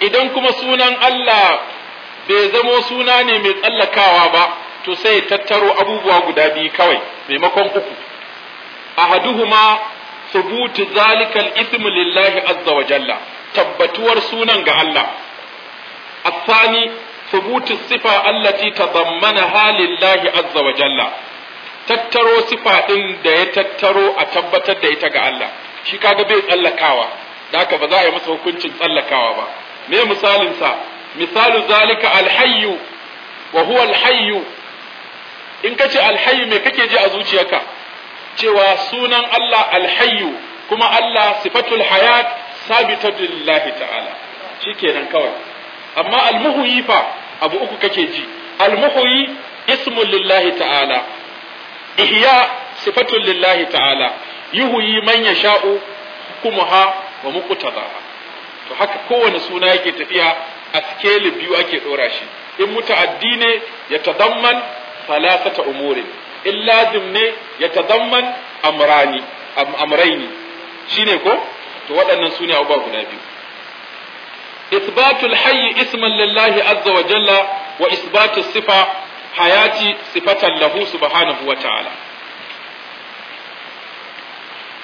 idan kuma sunan Allah bai zamo suna ne mai tsallakawa ba to sai tattaro abubuwa guda biyu kawai maimakon uku A ahaduhuma thubutu zalikal ismu lillahi azza wa jalla tabbatuwar sunan ga Allah الثاني ثبوت الصفة halin تضمنها azza wa jalla. tattaro sifa ɗin da ya tattaro a tabbatar da ita ga Allah shi kaga bai tsallakawa da haka ba za a yi masa hukuncin tsallakawa ba me misalinsa, misalu zalika alhayyu wa huwa alhayyu in kace alhayyu me kake ji a zuciyarka cewa sunan Allah alhayyu kuma Allah sifatul hayat sabita lillahi ta'ala kenan kawai amma almuhyi fa abu uku kake ji almuhuyi ismun lillahi ta'ala ihya sifatul lillahi ta'ala yuhuyi man yasha'u hukumuha wa muqtadaha to haka kowane suna yake tafiya a scale biyu ake dora shi in muta'addi ne ya tadamman salasata umurin in lazim ne ya tadamman amrani amraini shine ko to waɗannan sune abubuwa guda biyu isbatul hayy isman lillahi azza wa jalla wa isbatus sifa hayati sifatan lahu subhanahu wa ta'ala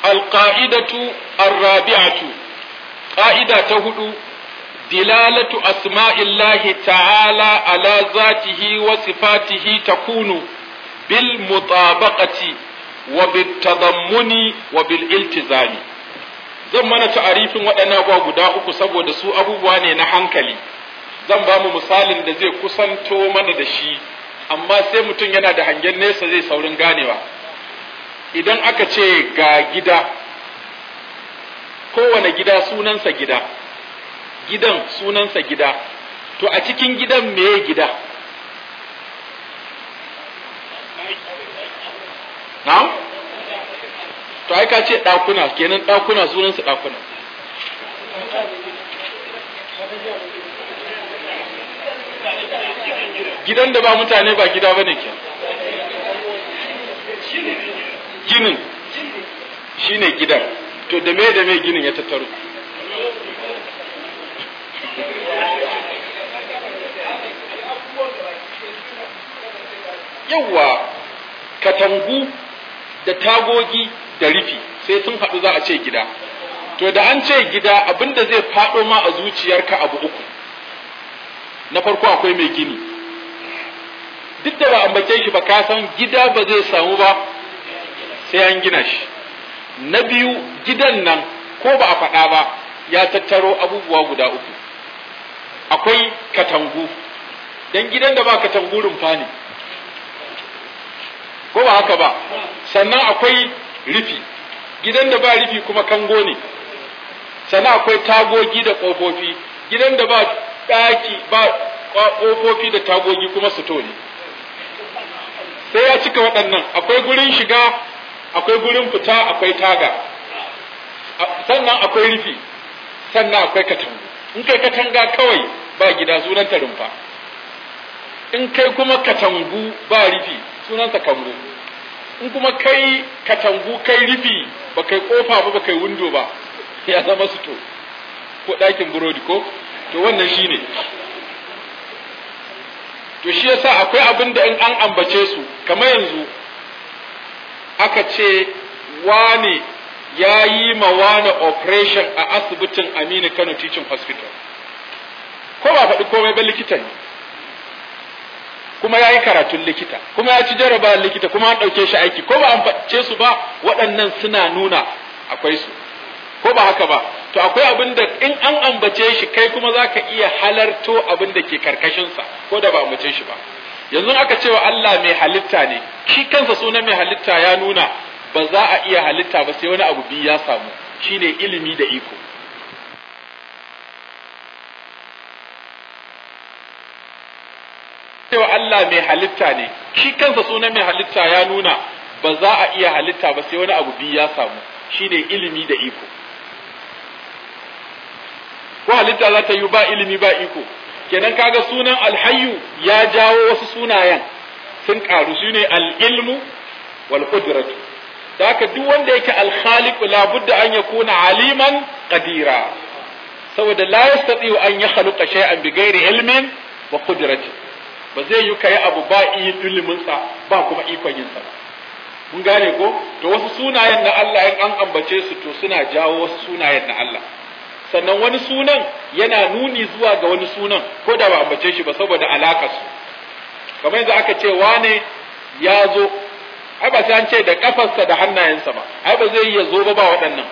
القاعدة الرابعة ƙa'ida ta hudu dilalatu asma'illahi ta'ala ala zatihi wa sifatihi kunu, bil mutabaqati wa bil tadammuni wa bil iltizami zan mana ta'arifin waɗannan abuwa guda uku saboda su abubuwa ne na hankali zan ba mu misalin da zai kusanto mana da shi amma sai mutum yana da hangen nesa zai saurin ganewa idan aka ce ga gida kowane gida sunansa gida gidan sunansa gida to a cikin gidan meye gida na? to ai ka ce ɗakuna kenan ɗakuna sunansa ɗakuna gidan da ba mutane ba gida ba ne ke ginin shine gidan to da me da me ginin ya tattaro yawwa katangu da tagogi da rufi sai sun haɗu za a ce gida to da an ce gida abinda zai faɗo ma a zuciyarka abu uku na farko akwai mai gini duk da ba ambace shi ba ka san gida ba zai samu ba sai an gina shi na biyu gidan nan ko ba a faɗa ba ya tattaro abubuwa guda uku akwai katangu dan gidan da ba katangu rumfa ne ko ba haka ba sannan akwai rufi gidan da ba rufi kuma kango ne sannan akwai tagogi da ƙofofi gidan da ba ɗaki ba ƙofofi da tagogi kuma sito ne sai ya cika waɗannan akwai gurin shiga akwai gurin fita akwai taga sannan akwai rufi sannan akwai katangu in kai katanga kawai ba gida sunan ta rumfa in kai kuma katangu ba rufi sunan ta kango in kuma kai katangu kai rufi ba kai kofa ba ba kai window ba ya zama su to ko ɗakin burodi ko to wannan shine to shi yasa akwai abinda in an ambace su kamar yanzu aka ce wani ya yi ma wani operation a asibitin Aminu Kano Teaching Hospital ko ba faɗi komai ba likita ne kuma ya yi karatun likita kuma ya ci jarabar likita kuma an ɗauke shi aiki ko ba an faɗce su ba waɗannan suna nuna akwai su ko ba haka ba to akwai abin da in an ambace shi kai kuma za ka iya halarto abin da ke karkashinsa ko da ba ambace shi ba yanzu aka cewa Allah mai halitta ne shi kansa sunan mai halitta ya nuna ba za a iya halitta ba sai wani abu bi ya samu shine ilimi da iko cewa Allah mai halitta ne shi kansa sunan mai halitta ya nuna ba za a iya halitta ba sai wani abu bi ya samu shine ilimi da iko ko halitta za ta yi ba ilimi ba iko kenan kaga sunan alhayyu ya jawo wasu sunayen sun karu shine ne alilmu wal da haka duk wanda yake al-khaliq la budda an yakuna aliman qadira saboda la yastati an ya yakhluqa shay'an bi gairi ilmin wa qudrati ba zai yi kai abu ba ilimin sa ba kuma ikon yin sa mun gane ko to wasu sunayen na Allah in an ambace su to suna jawo wasu sunayen na Allah sannan wani sunan yana nuni zuwa ga wani sunan ko da ba ambace shi ba saboda alakar su kamar yanzu aka ce wane ya zo ai ba sai an ce da kafarsa da hannayensa ba ai ba zai iya zo ba ba waɗannan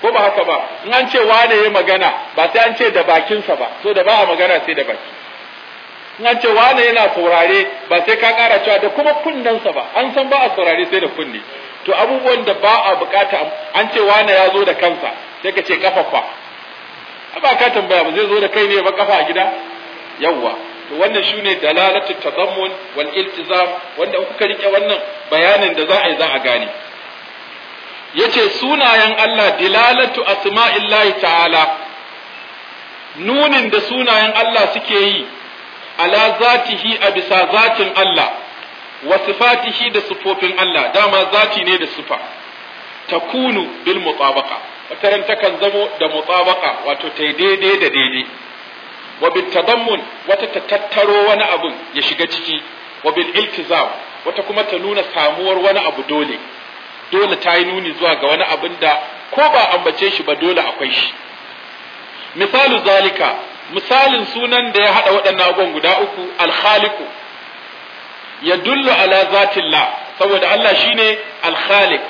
ko ba haka ba in an ce wane ya magana ba sai an ce da bakinsa ba so da ba a magana sai da baki in an ce wane yana saurare ba sai ka ƙara cewa da kuma kunnensa ba an san ba a saurare sai da kunne to abubuwan da ba a bukata an ce wane ya zo da kansa sai ka ce kafafa ba ka tambaya ba zai zo da kai ne ba kafa a gida yawwa to wannan shine dalalatu tadammun wal iltizam wanda kuka rike wannan bayanin da za a yi za a gane yace sunayen Allah dilalatu asma'illahi ta'ala nunin da sunayen Allah suke yi ala zatihi a bisa zatin Allah wa sifatihi da sifofin Allah dama zati ne da sifa takunu bil mutabaqa wataran kan zamo da mutabaka wato ta daidai da daidai wa bil tadammun wata ta tattaro wani abun ya shiga ciki wa bil iltizam wata kuma ta nuna samuwar wani abu dole dole ta yi nuni zuwa ga wani abin da ko ba ambace shi ba dole akwai shi misalu zalika misalin sunan da ya hada waɗannan abubuwan guda uku alkhaliku ya dullu ala zatillah saboda Allah shine alkhalik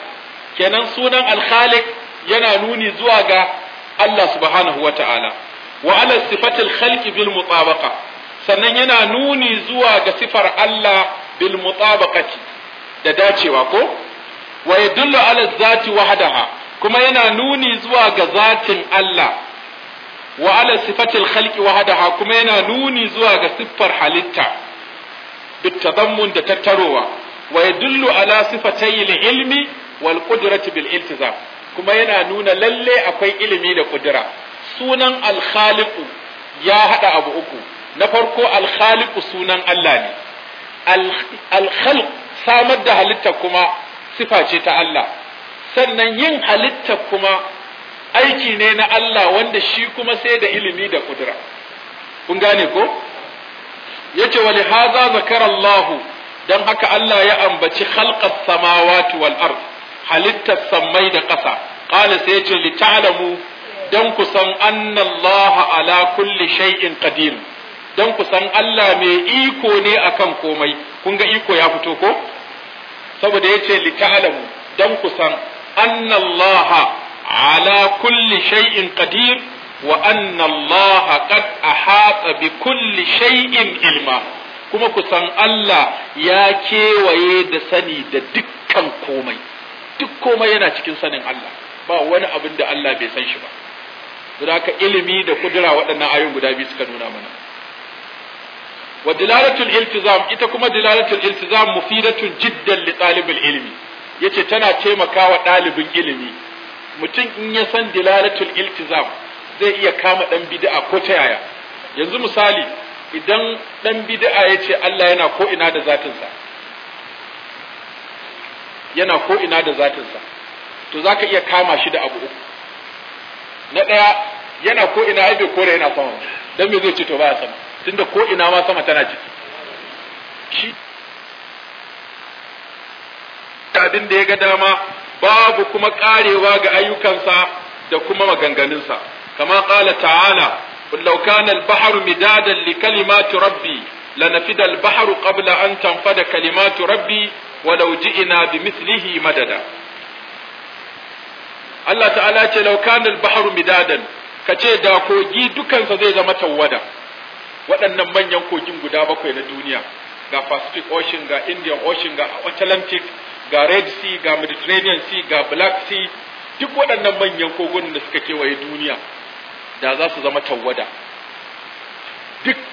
kenan sunan alkhalik yana nuni zuwa ga Allah subhanahu wa ta'ala wa ala sifatil khalqi bil sannan yana nuni zuwa ga sifar Allah bil mutabaqati da dacewa ko wa yadullu ala zati wahadaha, kuma yana nuni zuwa ga zatin Allah wa ala sifatil khalqi wahadaha, kuma yana nuni zuwa ga siffar halitta bitadammun da tattarowa wa yadullu ala sifatayil ilmi wal qudrati bil iltizam kuma yana nuna lalle akwai ilimi da kudura sunan alkhaliqu ya haɗa abu uku na farko alkhaliqu sunan Allah ne alkhalq samar da halitta kuma sifa ce ta Allah sannan yin halitta kuma aiki ne na Allah wanda shi kuma sai da ilimi da kudura kun gane ko yace wa haza zakara Allah dan haka Allah ya ambaci khalqas samawati wal ardh halittar sammai da ƙasa qala sai yace li ta'lamu dan ku san annallaha ala kulli shay'in qadir dan ku san Allah mai iko ne akan komai kun ga iko ya fito ko saboda yace li ta'lamu dan ku san annallaha ala kulli shay'in qadir wa annallaha qad ahata bi kulli shay'in ilma kuma ku san Allah ya kewaye da sani da dukkan komai duk komai yana cikin sanin Allah ba wani abin da Allah bai san shi ba don haka ilimi da kudura waɗannan ayoyin guda biyu suka nuna mana wa dilalatul iltizam ita kuma dilalatul iltizam mufidatun jiddan li talibul ilmi yace tana taimakawa dalibin ilimi mutum in ya san dilalatul iltizam zai iya kama dan bid'a ko ta yaya yanzu misali idan dan bid'a yace Allah yana ko ina da zatinsa yana ko ina da zatinsa to ka iya kama shi da abu uku na ɗaya yana ko ina ai bai yana sama dan me zai ce to baya sama tunda ko ina ma sama tana ciki shi abin da ya ga dama babu kuma karewa ga ayyukansa da kuma maganganunsa kama ƙala ta'ala qul law kana al midadan li rabbi lanafidal al ƙabla qabla an da kalimatu rabbi walau ina bi mislihi madada Allah ta'ala ce law kana al-bahru midadan kace da kogi sa zai zama tawada waɗannan manyan kogin guda bakwai na duniya ga Pacific Ocean ga Indian Ocean ga Atlantic ga Red Sea ga Mediterranean Sea ga Black Sea duk waɗannan manyan kogunan da suka kewaye duniya da za su zama tawada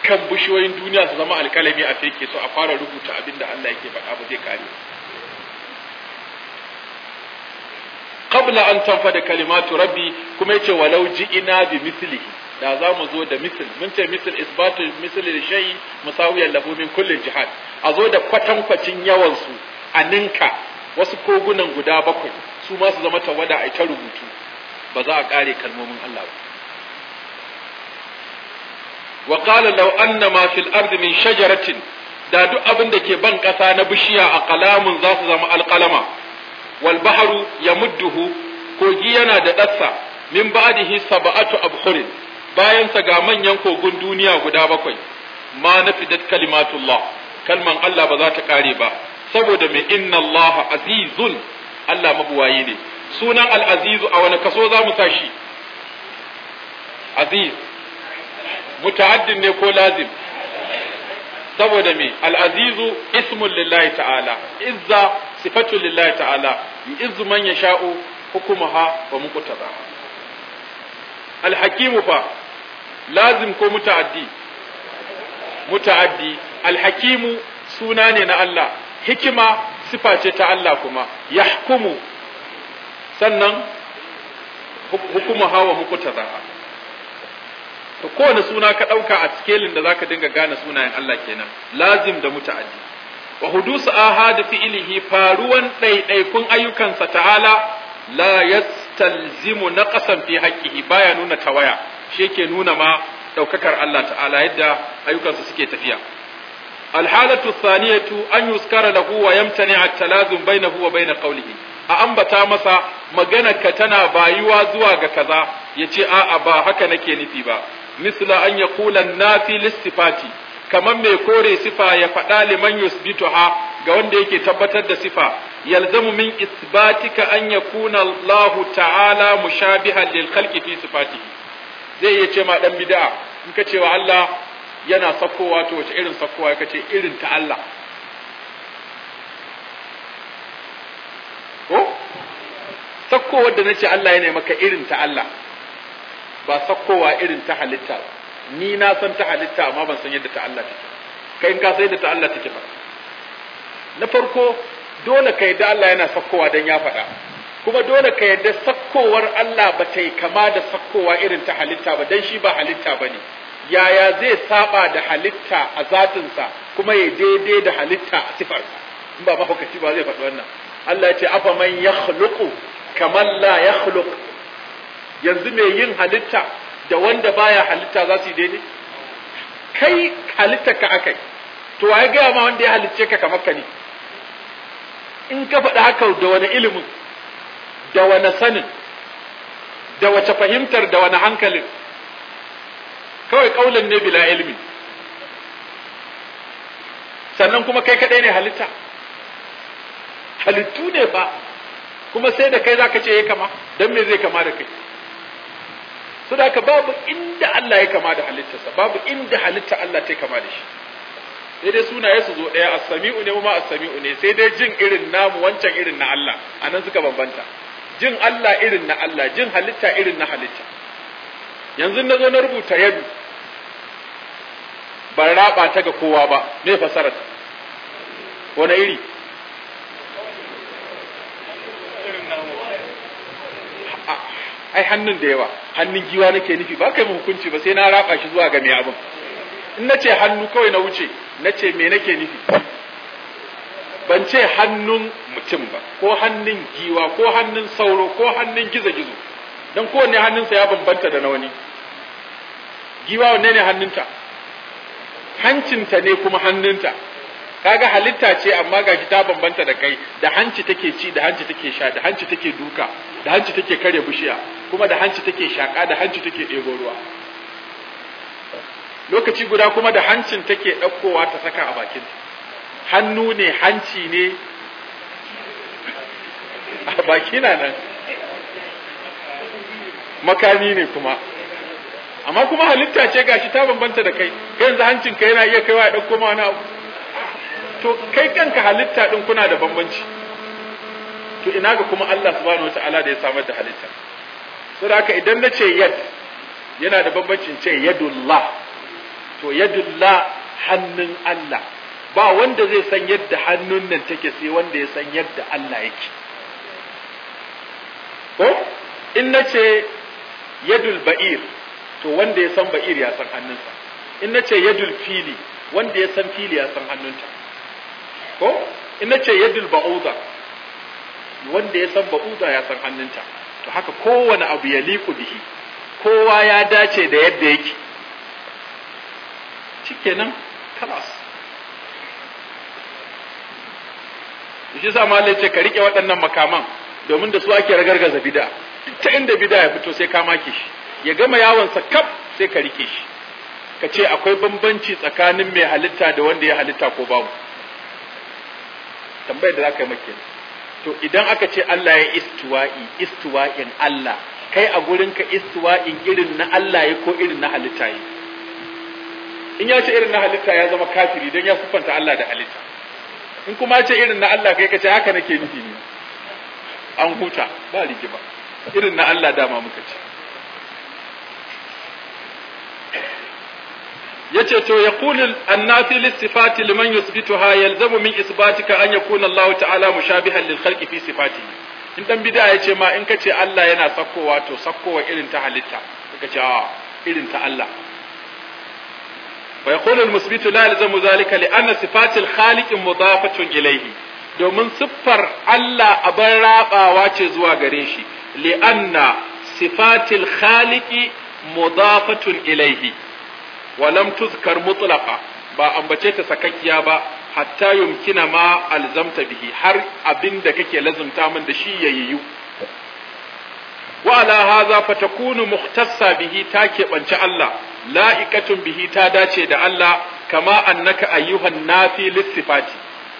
dukkan bishiyoyin duniya su zama alkalami a feke su a fara rubuta abin da Allah yake faɗa ba zai kare qabla an da kalimatu rabbi kuma yace walau ji'ina bi mislihi da za mu zo da misl mun ce misl isbatu misil li shay'in musawiyan lahu min kulli jihad a zo da kwatankwacin yawan su a ninka wasu kogunan guda bakwai su ma su zama tawada a ita rubutu ba za a kare kalmomin Allah ba wa qala law anna ma fil ardi min da duk abin da ke ban ƙasa na bishiya a kalamun za su zama alƙalama Walbaharu ya mudduhu kogi yana da ɗassa min ba'dihi sab'atu abhurin bayan sa ga manyan kogun duniya guda bakwai ma nafidat kalimatullah kalman Allah ba za ta kare ba saboda mai inna Allah azizun Allah mabuwayi ne sunan al'azizu a wani kaso za mu tashi aziz muta'addin ne ko lazim saboda me al'azizu ismun lillahi ta'ala izza sifatu lillahi ta'ala izzu man yasha'u hukumaha wa muqtada al-hakimu fa lazim ko muta'addi muta'addi al-hakimu suna ne na Allah hikima sifa ce ta Allah kuma yahkumu sannan hukumaha wa muqtada to kowane suna ka ɗauka a skelin da zaka dinga gane sunayen Allah kenan lazim da muta'addi wa hudusu ahad fi'ilihi faruwan ɗaiɗaikun ayyukansa ta'ala la yastalzimu naqasan fi haqqihi baya nuna tawaya shi yake nuna ma ɗaukakar Allah ta'ala yadda ayyukansa suke tafiya alhalatu thaniyatu an yuskara lahu wa yamtani at-talazum bainahu wa bain qawlihi a ambata masa magana ka tana bayuwa zuwa ga kaza yace a'a ba haka nake nufi ba misla an yaqula nafi lisifati kamar mai kore sifa ya faɗa liman yusbituha ga wanda yake tabbatar da sifa yalzamu min isbatika an yakuna Allah ta'ala mushabiha lil khalqi fi sifati zai iya ce ma dan bid'a in ka cewa Allah yana sakkowa to wace irin sakkowa ka ce irin ta Allah ko sakkowar da nace Allah yana maka irin ta Allah ba sakkowa irin ta halitta ni na san ta halitta amma ban san yadda ta Allah take kai in ka san yadda ta Allah take ba na farko dole ka yadda Allah yana sakkowa dan ya faɗa kuma dole ka yadda sakkowar Allah ba ta yi kama da sakkowa irin ta halitta ba dan shi ba halitta ba ne yaya zai saba da halitta a zatinsa kuma ya daidai da halitta a sifarsa in ba mahaukaci ba zai faɗi wannan Allah ya ce afa man yakhluqu kaman la yakhluq yanzu mai yin halitta da wanda baya halitta za su yi daidai kai halitta ka akai to ya gaya ma wanda ya halicce ka kamar ka ne in ka faɗi haka da wani ilimin da wani sanin da wace fahimtar da wani hankalin kawai ƙaunar ne bila ilimi sannan kuma kai kaɗai ne halitta halittu ne ba kuma sai da kai za ka ce ya eh, kama don me zai kama da kai saboda babu inda Allah ya kama da halittarsa babu inda halitta Allah ta kama da shi sai dai sunaye su zo ɗaya as-sami'u ne kuma as-sami'u ne sai dai jin irin namu wancan irin na Allah anan suka bambanta jin Allah irin na Allah jin halitta irin na halitta yanzu na zo na rubuta yadu ban raba ta ga kowa ba me fasarar wani iri ai hannun da yawa hannun giwa nake nufi ba kai mu hukunci ba sai na raba shi zuwa ga mai abin in nace hannu kawai na wuce nace me nake nufi ban ce hannun mutum ba ko hannun giwa ko hannun sauro ko hannun gizo-gizo don kowanne hannunsa ya bambanta da na wani giwa wanne ne hannunta hancinta ne kuma hannunta kaga halitta ce amma ga ta bambanta da kai da hanci take ci da hanci take sha da hanci take duka da hanci take kare bishiya kuma da hanci take shaka da hanci take ɗebo ruwa lokaci guda kuma da hancin take ɗaukowa ta saka a bakin hannu ne hanci ne a baki na nan makami ne kuma amma kuma halitta ce gashi ta bambanta da kai kai yanzu hancin ka yana iya kaiwa ya ɗauko ma wani abu to kai kanka halitta ɗin kuna da bambanci to ina ga kuma Allah subhanahu wataala da ya samar da halitta saboda haka idan na ce yad yana da bambancin ce yadullah to yadullah hannun Allah ba wanda zai san yadda hannun nan take sai wanda ya san yadda Allah yake ko in na ce yadul ba'ir to wanda ya san ba'ir ya san hannunsa in na ce yadul fili wanda ya san fili ya san hannunta ko in na ce yadul ba'uda wanda ya san ba'uda ya san hannunta to haka kowane abu ya liku bihi kowa ya dace da yadda yake nan kalas shi sa malai ce ka rike waɗannan makaman domin da su ake ragargaza bid'a ta inda bid'a ya fito sai ka make shi ya gama yawon sa kaf sai ka rike shi ka ce akwai bambanci tsakanin mai halitta da wanda ya halitta ko babu tambayar da za ka yi maka to idan aka ce Allah ya istuwa'i istuwa'in Allah kai a gurinka istuwa'in irin na Allah ya ko irin na halitta yi in ya ce irin na halitta ya zama kafiri don ya siffanta Allah da halitta in kuma ce irin na Allah kai ka ce haka nake nufi ne an huta ba rigima irin na Allah dama muka ce yace to yaqulu annafi lisifati liman yusbituha yalzamu min isbatika an yakuna Allah ta'ala mushabihan lil khalqi fi sifatihi in dan bid'a yace ma in kace Allah yana sakkowa to sakkowa irin ta halitta kace a irin ta Allah wa yaqulu al musbitu la yalzamu zalika li anna sifatil khaliq mudafatun ilayhi domin siffar Allah abin ce zuwa gare shi li anna sifatil khaliqi mudafatun ilayhi wa lam tuzkar mutlaqa ba ambace ta sakakkiya ba hatta yumkina ma alzamta bihi har abin da kake lazumta min da shi yayiyu wa ala hadha fatakunu mukhtassa bihi ta keɓance Allah la'ikatun bihi ta dace da Allah kama annaka ayyuhan nafi lissifati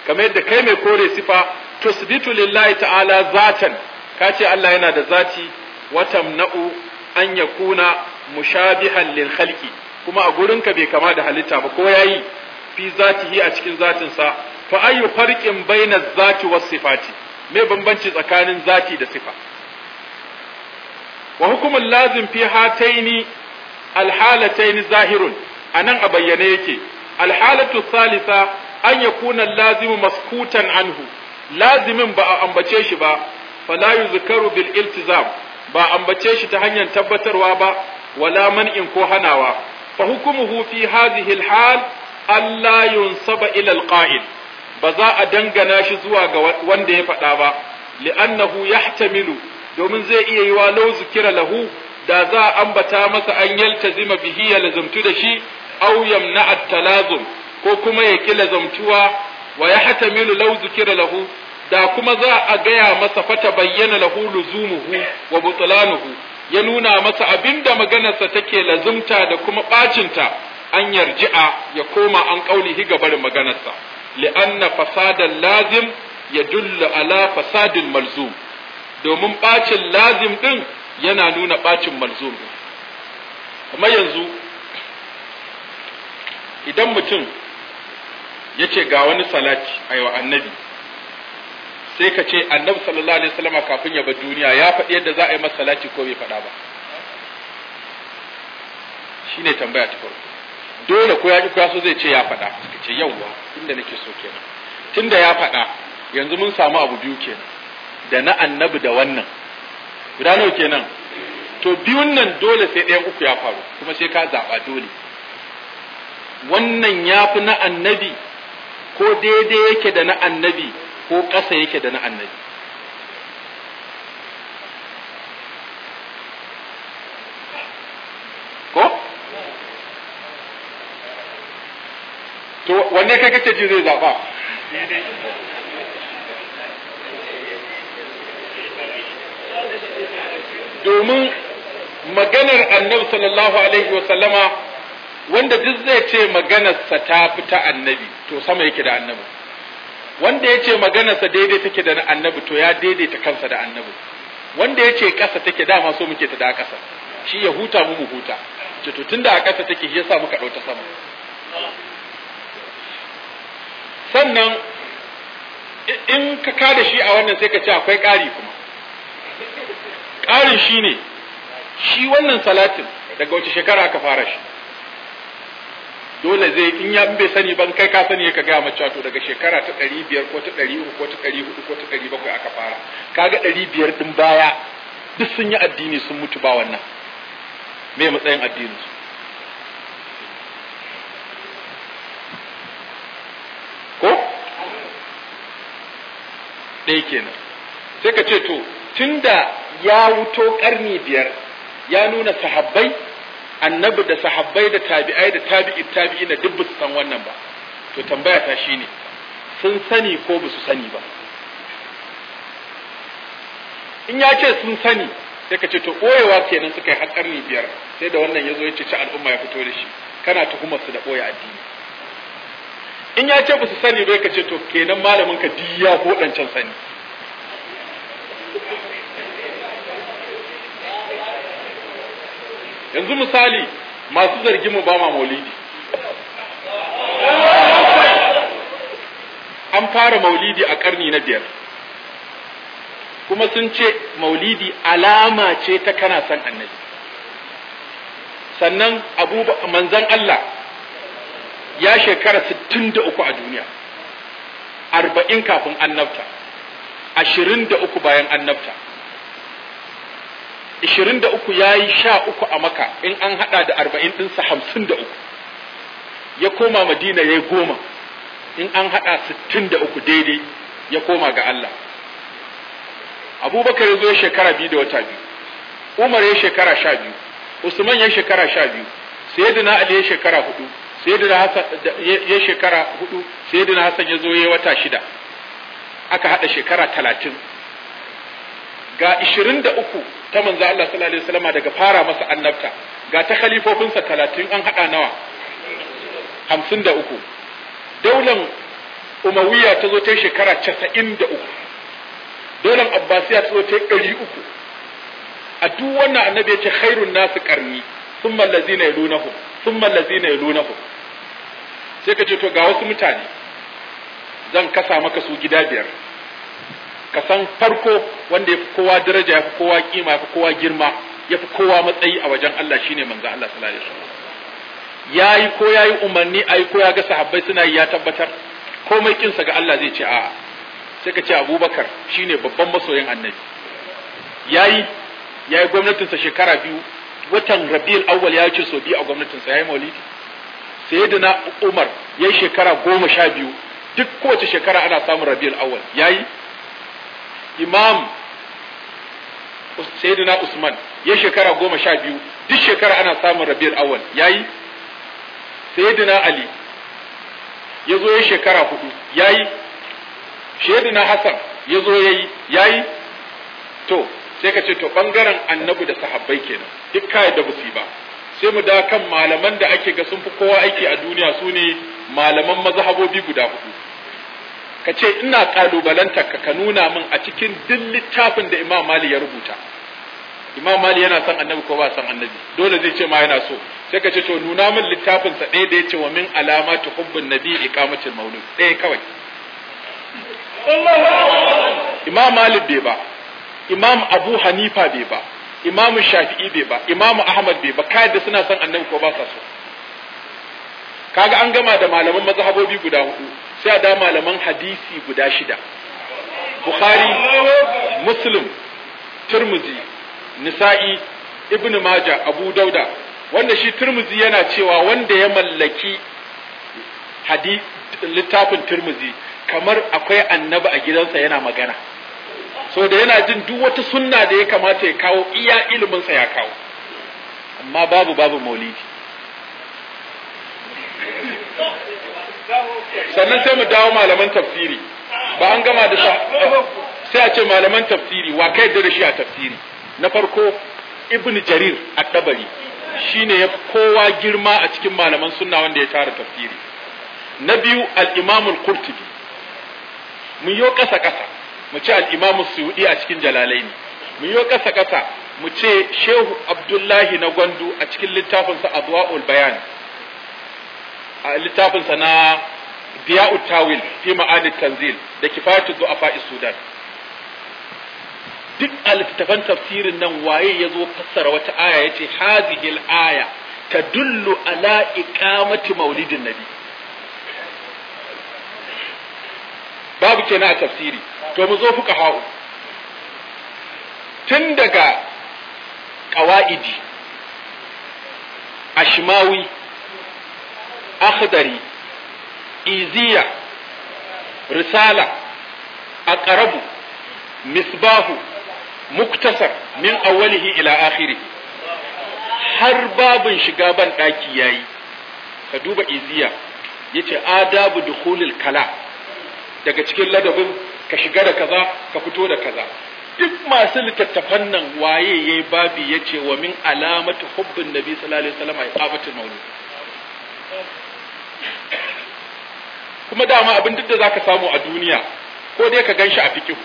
kamar yadda kai mai kore sifa tusbitu lillahi ta'ala zatan kace Allah yana da zati watamna'u an yakuna mushabihan lil khalqi kuma a gurinka bai kama da halitta ba ko yayi fi zatihi a cikin zatinsa fa ayu farqin baina zati was sifati me bambanci tsakanin zati da sifa wa hukumul lazim fi hataini alhalataini zahirun anan a bayyane yake alhalatu thalitha an yakuna lazimu maskutan anhu lazimin ba a ambace shi ba fala yuzkaru bil iltizam ba ambace shi ta hanyar tabbatarwa ba wala in ko hanawa fa hukumuhu fi hadhihi al-hal alla yunsaba ila al ba za a dangana shi zuwa ga wanda ya faɗa ba li'annahu yahtamilu domin zai iya yiwa law zikira lahu da za a ambata masa an yaltazima bihi ya lazumtu da shi auyam yamna at-talazum ko kuma ya kila zamtuwa wa yahtamilu law zikira lahu da kuma za a gaya masa fata bayyana lahu luzumuhu wa butlanuhu ya nuna masa abin da maganarsa take lazumta da kuma bacinta an yarji'a ya koma an hi ga barin maganarsa li'anna fasadan lazim ya dullu ala fasadin malzum domin bacin lazim din yana nuna bacin malzum kuma yanzu idan mutum ya ce ga wani salati aywa annabi sai ka ce annabi sallallahu alaihi wasallam kafin ya bar duniya ya faɗi yadda za a yi masa salati ko bai faɗa ba shine tambaya ta farko dole ko ya ki ko so zai ce ya faɗa ka ce yawwa inda nake so kenan tunda ya faɗa yanzu mun samu abu biyu kenan da na annabi da wannan guda nawa kenan to biyun nan dole sai ɗayan uku ya faru kuma sai ka zaɓa dole wannan ya fi na annabi ko daidai yake da na annabi ko ƙasa yake da na annabi ko to wanne kai kake ji zai zaɓa domin maganar annabi sallallahu alaihi wa sallama wanda duk zai ce maganarsa ta fi ta annabi to sama yake da annabi wanda yace maganarsa daidai take da annabi to ya daidaita kansa da annabi wanda yace ƙasa take dama so muke ta da ƙasa shi ya huta mu huta ce to tunda a ƙasa take shi yasa muka ɗauta sama sannan in ka da shi a wannan sai ka ce akwai ƙari kuma ƙarin shi ne shi wannan salatin daga wace shekara aka fara shi dole zai in ya bai sani ban kai ka sani ka gaya mace to daga shekara ta ɗari biyar ko ta ɗari uku ko ta ɗari hudu ko ta ɗari bakwai aka fara kaga ɗari biyar ɗin baya duk sun yi addini sun mutu ba wannan me matsayin addini ko ɗaya kenan sai ka ce to tunda ya wuto ƙarni biyar ya nuna sahabbai annabi da sahabbai da tabi'ai da tabi'i tabi'ina duk ba su san wannan ba to tambaya ta shine sun sani ko ba su sani ba in ya ce sun sani sai ka ce to ɓoyewa kenan suka yi har ƙarni biyar sai da wannan ya zo ya ce al'umma ya fito da shi kana tuhumar su da ɓoye addini in ya ce ba su sani bai ka ce to kenan malamin ka duk ya sani yanzu misali masu zargin mu ba ma maulidi an fara maulidi a karni na biyar kuma sun ce maulidi alama ce ta kana son annabi sannan manzan Allah ya shekara 63 a duniya arba'in kafin annabta ashirin da uku bayan annabta ishirin da uku ya yi sha uku a maka in an haɗa da arba'in ɗinsa hamsin da uku ya koma madina ya yi goma in an haɗa sittin da uku daidai ya koma ga Allah abubakar ya zo shekara biyu da wata biyu umar ya shekara sha biyu usman ya shekara sha biyu sayyidina ali ya shekara hudu sayyidina hasan ya shekara hudu sayyidina hasan ya zo ya wata shida aka haɗa shekara talatin ga ishirin da uku ta manzo Allah sallallahu alaihi wasallam daga fara masa annabta ga ta khalifofinsa 30 an hada nawa 53 daular umayya ta zo ta shekara 93 daular abbasiya ta zo ta 300 a duk wannan annabi ya ce khairun nasu karni thumma allazina yalunahum thumma allazina yalunahum sai ka ce to ga wasu mutane zan kasa maka su gida biyar ka san farko wanda yafi kowa daraja yafi kowa kima yafi kowa girma yafi kowa matsayi a wajen Allah shine manzo Allah sallallahu alaihi wasallam yayi ko yayi umarni ayi ko ya ga sahabbai suna yi ya tabbatar komai kinsa ga Allah zai ce a sai ka ce Abubakar shine babban masoyin Annabi yayi yi gwamnatinsa shekara biyu watan Rabiul Awwal ya ce so biyu a gwamnatinsa yayi Maulidi sayyidina Umar yayi shekara goma sha biyu duk kowace shekara ana samun Rabiul Awwal yayi imam sayyidina usman ya shekara goma sha biyu duk shekara ana samun rabiul ya yayi sayyidina ali ya zo ya shekara hudu yayi sayyidina hasan ya zo yayi yayi to sai ka ce to bangaren annabi da sahabbai kenan duk kai da busi ba sai mu da kan malaman da ake ga sun fi kowa aiki a duniya su ne malaman mazhabobi guda hudu ka ce ina kalubalanta ka ka nuna min a cikin duk littafin da Imam Mali ya rubuta Imam Mali yana son Annabi ko ba son Annabi dole zai ce ma yana so sai ka ce to nuna min littafin sa ɗaya da yace wa min alamatu hubbun nabi iqamatul maulud ɗaya kawai Imam mali bai ba Imam Abu Hanifa bai ba Imam Shafi'i bai ba Imam Ahmad bai ba kai da suna son Annabi ko ba sa so kaga an gama da malaman mazhabobi guda hudu sai da malaman hadisi guda shida bukhari muslim turmuzi nisa'i ibn maja abu dauda wanda shi turmuzi yana cewa wanda ya mallaki littafin turmuzi kamar akwai annabi a gidansa yana magana so da yana jin duk wata sunna da ya kamata ya kawo iya iliminsa ya kawo amma babu babu maulidi sannan sai mu dawo malaman tafsiri ba an gama da sai a ce malaman tafsiri wa kai da shi a tafsiri na farko ibn jarir at-tabari shine ya kowa girma a cikin malaman sunna wanda ya tara tafsiri na biyu al-imam al-qurtubi mun yo kasa kasa mu ce al-imam a cikin jalalaini mun yo kasa kasa mu ce shehu abdullahi na gwandu a cikin littafinsa adwaul bayani. a littafinsa na Diya Tawil fi ma'anit Tanzil da Kifatu zuwa du'afa Sudan duk alittafan tafsirin nan waye ya zo fassara wata aya yace, ce hazihil aya tadullu ala iqamati maulidin nabi babu kenan a tafsiri to mu zo fuka ha'u tun daga ƙawa'idi ashmawi akhdari iziya risala aqrabu misbahu muktasar min awwalihi ila akiri, har babin shiga ban daki yayi ka duba iziya yace adabu dukhulil kala daga cikin ladabin ka shiga da kaza ka fito da kaza duk masu littattafan nan waye yayi babi yace wa min alamatu hubbin nabi sallallahu alaihi wasallam ay qabatul maulud kuma dama abin duk da ka samu a duniya ko dai ka ganshi a fikihu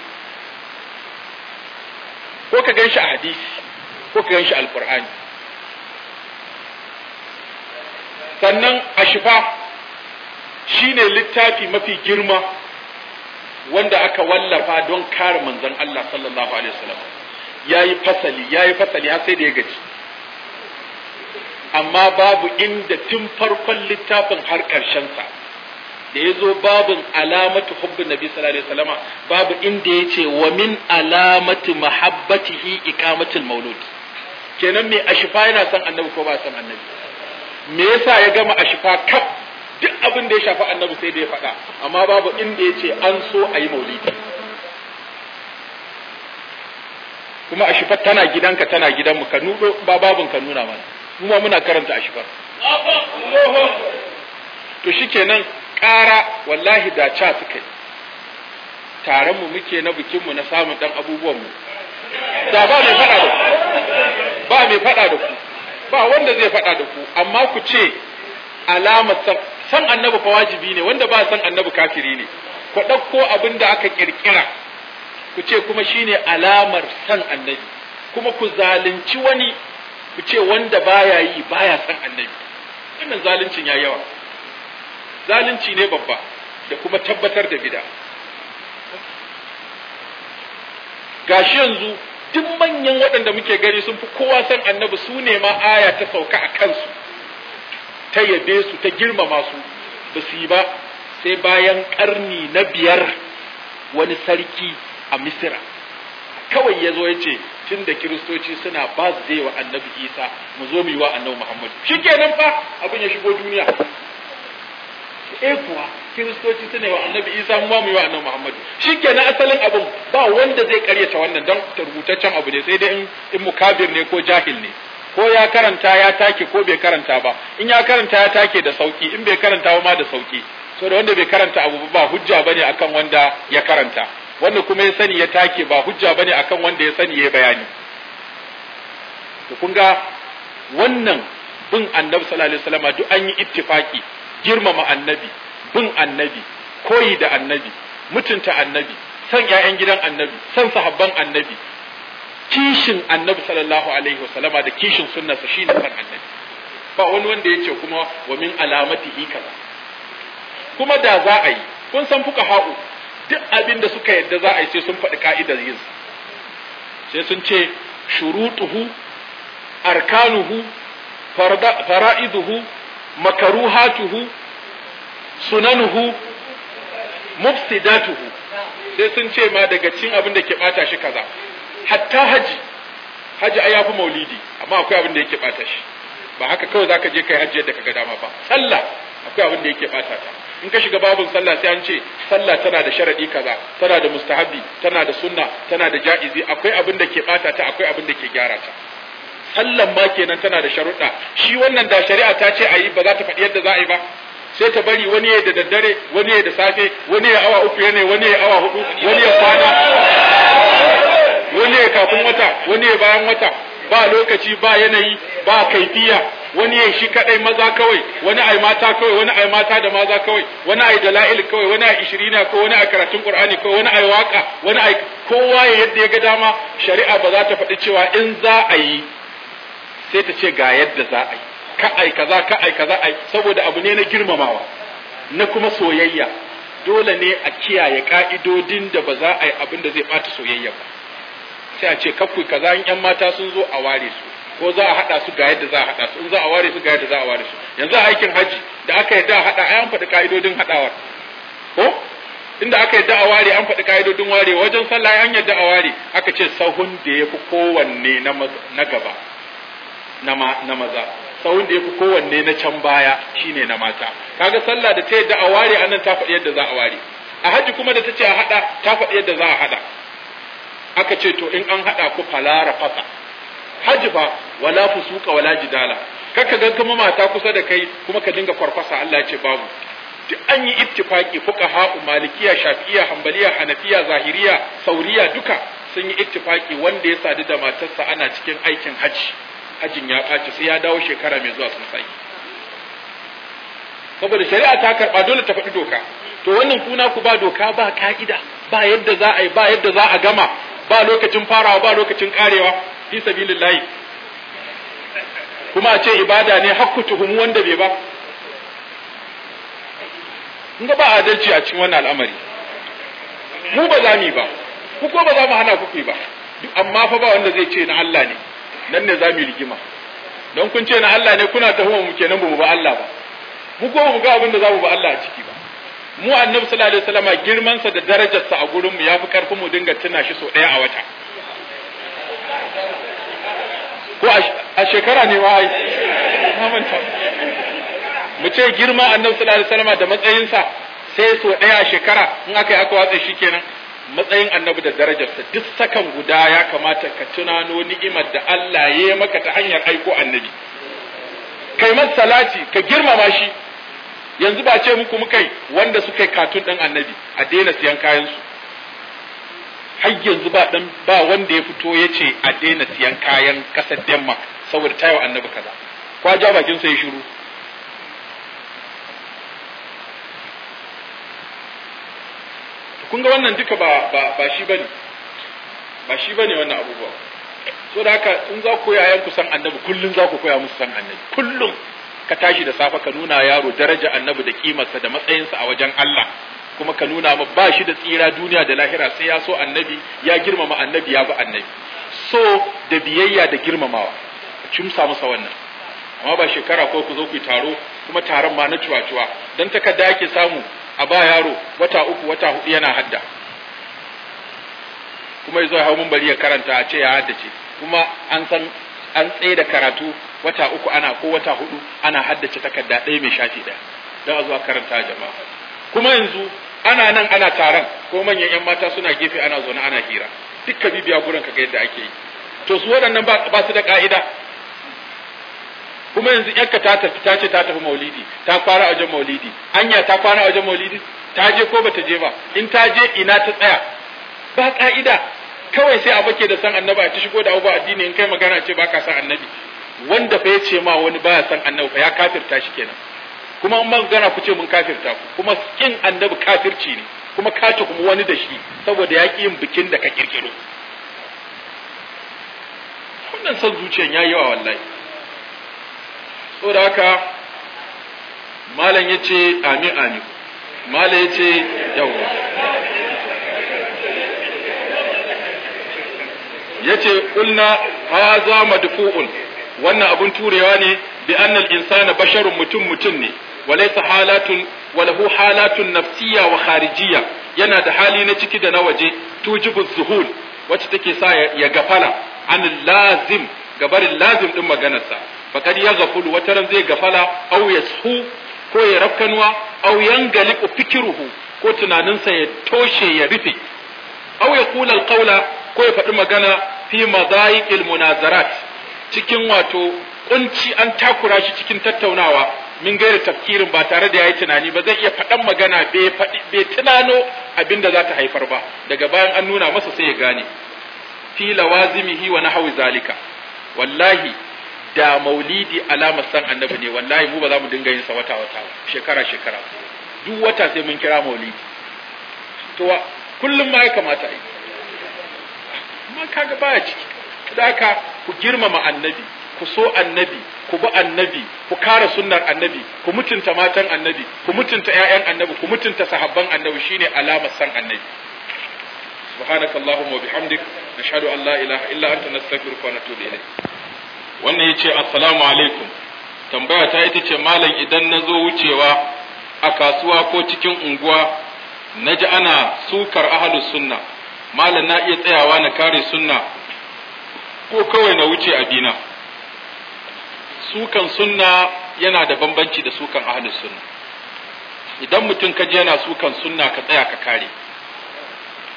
ko ka ganshi a hadisi ko ka ganshi alqur'ani sannan ashifa shine littafi mafi girma wanda aka wallafa don kare manzon Allah sallallahu alaihi wasallam yayi fasali yayi fasali har sai da ya gaji amma babu inda tun farkon littafin har ƙarshensa da ya zo babin alamatu hubbin nabi sallallahu alaihi wasallam babu inda yace wa min alamati mahabbatihi ikamatul maulud kenan me ashifa yana son annabi ko ba son annabi me yasa ya gama ashifa kaf duk abin da ya shafi annabi sai da ya faɗa amma babu inda ya ce an so a yi maulidi kuma ashifa tana gidanka tana gidanmu ka nudo ba babin ka nuna mana mu ma muna karanta ashifa to shikenan ƙara wallahi da ca suka yi taron mu muke na bikin mu na samun dan abubuwan mu da ba mai fada da ku ba mai fada da ku ba wanda zai fada da ku amma ku ce alamar san annabi fa wajibi ne wanda ba san annabi kafiri ne ku ɗauko abin da aka kirkira ku ce kuma shine alamar san annabi kuma ku zalunci wani ku ce wanda baya yi baya san annabi wannan zaluncin ya yawa zalunci ne babba da kuma tabbatar da bid'a gashi yanzu duk manyan waɗanda muke gari sun fi kowa san annabi su ne ma aya ta sauka a kansu ta yabe su ta girmama su ba su yi ba sai bayan ƙarni na biyar wani sarki a misira kawai ya zo ya ce tun da kiristoci suna ba zai wa annabi isa mu zo mu yi wa annabi muhammadu shi kenan fa abin ya shigo duniya e kuwa kiristoci suna wa annabi isa mu mu yi wa annabi muhammadu na asalin abin ba wanda zai karyata wannan don rubutaccen abu ne sai dai in mukabir ne ko jahil ne ko ya karanta ya take ko bai karanta ba in ya karanta ya take da sauki in bai karanta ba ma da sauki so da wanda bai karanta abu ba hujja bane akan wanda ya karanta wanda kuma ya sani ya take ba hujja bane akan wanda ya sani ya bayani to kun ga wannan bin annabi sallallahu alaihi wasallam duk an yi ittifaki girmama annabi bin annabi koyi da annabi mutunta annabi san ƴaƴan gidan annabi san sahabban annabi kishin annabi sallallahu alaihi wasallama da kishin shi shine san annabi ba wani wanda yace kuma wa min alamatihi kaza kuma da za a yi kun san fuka ha'u duk abin da suka yadda za a yi sai sun faɗi ka'idar yin sai sun ce shurutuhu arkanuhu fara'iduhu makaruhatuhu sunanuhu mufsidatuhu sai sun ce ma daga cin abin da ke bata shi kaza hatta haji haji ai yafi maulidi amma akwai abin da yake bata shi ba haka kawai zaka je kai hajji yadda kaga dama ba sallah akwai abin da yake bata ta in ka shiga babun sallah sai an ce sallah tana da sharadi kaza tana da mustahabi tana da sunna tana da ja'izi akwai abin da ke bata ta akwai abin da ke gyara ta sallan ba kenan tana da sharuɗa shi wannan da shari'a ta ce a yi ba za ta faɗi yadda za a yi ba sai ta bari wani ya da daddare wani ya da safe wani ya awa uku ne wani ya awa hudu wani ya kwana wani ya kafin wata wani ya bayan wata ba lokaci ba yanayi ba kaifiya wani ya shi kadai maza kawai wani ai mata kawai wani ai mata da maza kawai wani ai dala'il kawai wani ai ishirina ko wani ai karatun qur'ani ko wani ai waka wani ai kowa ya yadda ya ga dama shari'a ba za ta faɗi cewa in za a yi sai ta ce ga yadda za a yi ka ai kaza ka ai kaza ai saboda abu ne na girmamawa na kuma soyayya dole ne a kiyaye ka'idodin da ba za a yi abin da zai bata soyayya ba sai a ce kakku kaza in yan mata sun zo a ware su ko za a hada su ga yadda za a hada su in za a ware su ga yadda za a ware su yanzu a aikin haji da aka yadda a hada ai an faɗi ka'idodin hadawar ko inda aka yadda a ware an faɗi ka'idodin ware wajen sallah an yadda a ware aka ce sahun da ya fi kowanne na gaba na maza tsawon da ya fi kowanne na can baya shi ne na mata kaga sallah da ta yadda a ware a nan ta faɗi yadda za a ware a hajji kuma da ta ce a haɗa ta faɗi yadda za a haɗa aka ce to in an haɗa ku falara fasa hajji fa wala fusuka wala jidala kaka ga kuma mata kusa da kai kuma ka dinga farfasa Allah ya ce babu duk an yi ittifaki fuqaha malikiya shafi'iya hanbaliya hanafiya zahiriya sauriya duka sun yi ittifaki wanda ya sadu da matarsa ana cikin aikin hajji hajjin ya ɓaci sai ya dawo shekara mai zuwa sun sai saboda shari'a ta karɓa dole ta faɗi doka to wannan kuna ku ba doka ba ka'ida ba yadda za a yi ba yadda za a gama ba lokacin farawa ba lokacin karewa fi sabilillahi kuma a ce ibada ne hakku tuhumu wanda bai ba in ga ba adalci a cikin wannan al'amari mu ba za mu yi ba ku ko ba za mu hana ku ba amma fa ba wanda zai ce na Allah ne nan ne za mu rigima don kun ce na Allah ne kuna tuhuma mu kenan ba mu ba Allah ba mu ko mu ga abin da za mu ba Allah a ciki ba mu annabi sallallahu alaihi wasallama girman sa da darajar sa a gurin mu yafi karfin mu dinga tuna shi so daya a wata ko a shekara ne ma ai mu ce girma annabi sallallahu alaihi wasallama da matsayin sa sai so daya a shekara in aka yi aka watsa shi kenan matsayin annabi da darajarsa duk sakan guda ya kamata ka tunano ni'imar da Allah ya yi maka ta hanyar aiko annabi kai masa salati ka girmama shi yanzu ba ce muku muka yi wanda suka yi katun ɗan annabi a daina siyan kayansu har yanzu ba dan ba wanda ya fito ya ce a daina siyan kayan ƙasar Denmark saboda tayo annabi kaza kwa ja bakin sai shiru kun ga wannan duka ba ba shi bane ba shi bane wannan abubuwa so da haka in za ku yayan ku san annabi kullun za ku koya musu san annabi kullun ka tashi da safa ka nuna yaro daraja annabi da kimarsa da matsayinsa a wajen Allah kuma ka nuna ma ba shi da tsira duniya da lahira sai ya so annabi ya girmama annabi ya bi annabi so da biyayya da girmamawa a cimsa masa wannan amma ba shekara ko ku zo ku taro kuma taron ma na cuwa-cuwa don takarda ake samu a ba yaro wata uku wata hudu yana hadda kuma yazo ya hau mun bari ya karanta a ce ya haddace kuma an san an tsaye da karatu wata uku ana ko wata hudu ana haddace takarda ɗaya mai shafi ɗaya don a zuwa karanta jama'a kuma yanzu ana nan ana taron ko manyan yan mata suna gefe ana zaune ana hira dukkan bibiya gurin ka ga yadda ake yi to su waɗannan ba su da ka'ida kuma yanzu yanka ta tafi ta ce ta tafi maulidi ta kwana a wajen maulidi anya ta kwana a wajen maulidi ta je ko bata je ba in ta je ina ta tsaya ba ka'ida kawai sai a bake da san annabi a ta shigo da abubuwa addini in kai magana ce ba ka san annabi wanda fa ya ce ma wani baya san annabi fa ya kafirta shi kenan kuma in magana ku ce mun kafirta ku kuma kin annabi kafirci ne kuma ka kuma wani da shi saboda ya yin bikin da ka kirkiro wannan son zuciyan yi yawa wallahi saboda haka malam ya ce ami ami malam ya ce yawwa ya ce ƙulna ha za madfu'un wannan abin turewa ne bi annal insana basharun mutum mutum ne walaysa halatun walahu halatun nafsiyya wa kharijiyya yana da hali na ciki da na waje tujibu zuhul wacce take sa ya gafala an lazim gabarin lazim din maganarsa faqad wata ran zai gafala aw su ko ya rafkanuwa aw yangaliqu fikruhu ko tunaninsa ya toshe ya rufe aw kula alqawla ko ya faɗi magana fi madayiqil munazarat cikin wato kunci an takura shi cikin tattaunawa min gaira tafkirin ba tare da yayi tunani ba zai iya faɗan magana bai tunano abin da za ta haifar ba daga bayan an nuna masa sai ya gane fi lawazimihi wa nahwi zalika wallahi da maulidi alamar san annabi ne wallahi mu ba za mu dinga yin sa wata wata shekara shekara duk wata sai mun kira maulidi to kullum ma ya kamata yi amma kaga baya ciki ka ku girmama annabi ku so annabi ku bi annabi ku kara sunnar annabi ku mutunta matan annabi ku mutunta ƴaƴan annabi ku mutunta sahabban annabi shine alamar san annabi subhanakallahumma wa bihamdik nashhadu an la ilaha illa anta nastaghfiruka wa natubu ilayk wannan ya ce assalamu alaikum tambaya ta ita ce malam idan na zo wucewa a kasuwa ko cikin unguwa na ji ana sukar ahalus sunna malam na iya tsayawa na kare sunna ko kawai na wuce abina sukan sunna yana da bambanci da sukan ahalus sunna idan mutum ka je yana sukan sunna ka tsaya ka kare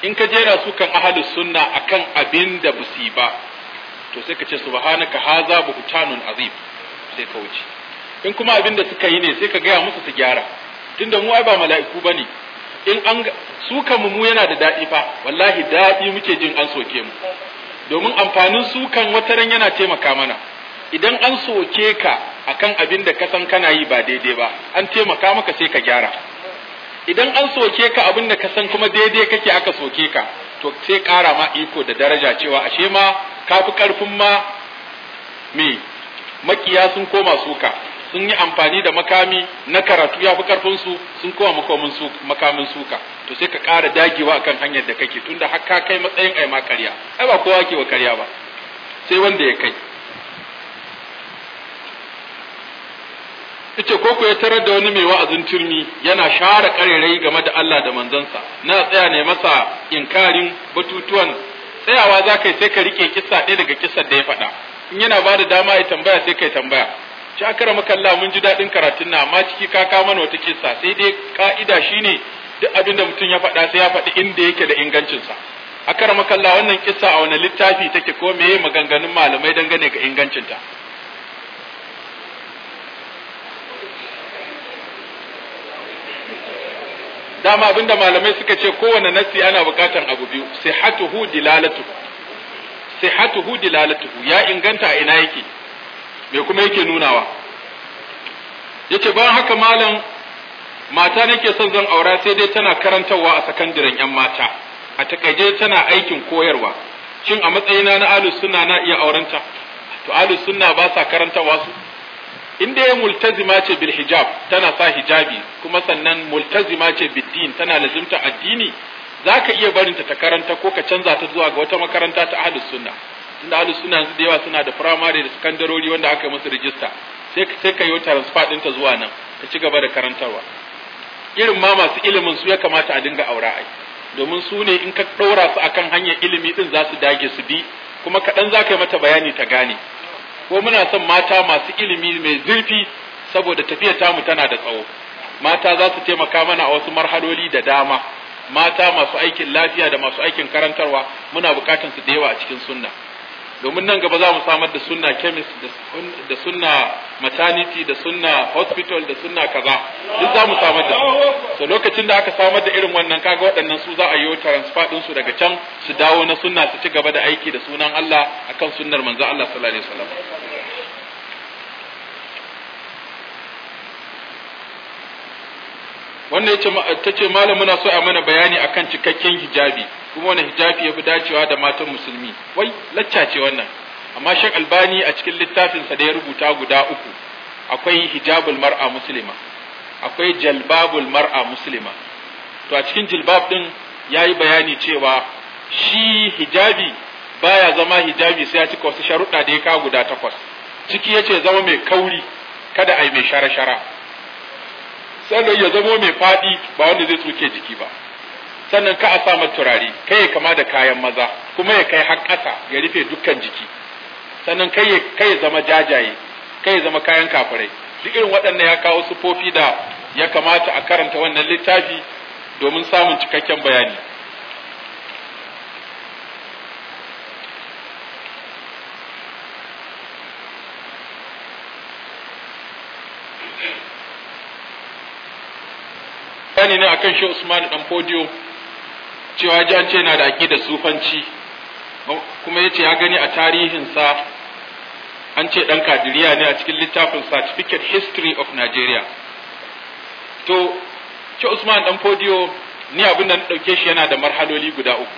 in ka je yana sukan ahalus sunna akan abin da busi ba to sai ka ce subhanaka haza buhtanun azim sai ka wuce in kuma abin da suka yi ne sai ka gaya musu su gyara tunda mu ai ba mala'iku bane in an sukan mu yana da daɗi fa wallahi daɗi muke jin an soke mu domin amfanin sukan wataran yana taimaka mana idan an soke ka akan abin da ka san kana yi ba daidai ba an taimaka maka sai ka gyara idan an soke ka abin da ka san kuma daidai kake aka soke ka to sai ƙara ma iko da daraja cewa ashe ma kafi ƙarfin ma me makiya sun koma suka sun yi amfani da makami na karatu ya fi karfin su sun koma makomin su makamin suka to sai ka ƙara dagewa akan hanyar da kake tunda har ka kai matsayin ai ma ai ba kowa ke wa karya ba sai wanda ya kai yace ko ku ya tarar da wani mai wa'azin turmi yana share karerai game da Allah da manzansa na tsaya ne masa inkarin batutuwan tsayawa za ka yi sai ka rike kisa ɗaya daga kisa da ya faɗa in yana ba da dama ya tambaya sai ka yi tambaya ci akara makalla mun ji daɗin karatun na amma ciki ka kama mana wata kisa sai dai ka'ida shine duk abin da mutum ya faɗa sai ya faɗi inda yake da ingancinsa akara makalla wannan kisa a wani littafi take ko meye maganganun malamai dangane ga ingancinta dama abinda malamai suka ce kowane nasi ana bukatar abu biyu sihatuhu dilalatuhu sihatuhu dilalatuhu ya inganta a ina yake me kuma yake nunawa yace bayan haka malam mata nake son zan aura sai dai tana karantarwa a sakandiren yan mata a takaice tana aikin koyarwa shin a matsayina na alu sunna na iya aurenta to alu sunna ba sa karantarwa su in dai multazima ce bil hijab tana sa hijabi kuma sannan multazima ce bid tana lazimta addini zaka iya barin ta karanta ko ka canza ta zuwa ga wata makaranta ta ahlus sunna tunda ahlus sunna su da yawa suna da primary da secondary wanda aka yi musu rijista sai sai ka yi transfer ta zuwa nan ka ci gaba da karantarwa irin ma masu ilimin su ya kamata a dinga aura ai domin su ne in ka ɗora su akan hanyar ilimi din za su dage su bi kuma kaɗan za ka yi mata bayani ta gane ko muna son mata masu ilimi mai zurfi saboda tafiyar mu tana da tsawo mata za su taimaka mana a wasu marhaloli da dama mata masu aikin lafiya da masu aikin karantarwa muna bukatan su da yawa a cikin sunna domin nan gaba za mu samar da sunna chemist da sunna maternity da sunna hospital da sunna kaza duk za mu samar da su lokacin da aka samar da irin wannan kaga waɗannan su za a yi transfer din su daga can su dawo na sunna su ci gaba da aiki da sunan Allah akan sunnar manzo Allah sallallahu alaihi wasallam wannan yace ta ce malam muna so a mana bayani akan cikakken hijabi kuma wannan hijabi ya yafi dacewa da matan musulmi wai lacca ce wannan amma shek Albani a cikin littafinsa da ya rubuta guda uku akwai hijabul mar'a muslima akwai jalbabul mar'a muslima to a cikin jilbab din yayi bayani cewa shi hijabi baya zama hijabi sai ya cika wasu sharuɗa da ya kawo guda takwas ciki yace zama mai kauri kada ai mai shara-shara sannan ya zamo mai faɗi ba wanda zai tsoke jiki ba sannan ka a sa mata turare kai ya kama da kayan maza kuma ya kai har ƙasa ya rufe dukkan jiki sannan kai ya zama jajaye kai ya zama kayan kafirai duk irin waɗannan ya kawo sufofi da ya kamata a karanta wannan littafi domin samun cikakken bayani bayani ne akan shi Usman dan Fodiyo cewa ji an ce yana da aqida sufanci kuma yace ya gani a tarihinsa an ce dan kadiriya ne a cikin littafin Certificate History of Nigeria to ce Usman dan Fodiyo ni abin da na dauke shi yana da marhaloli guda uku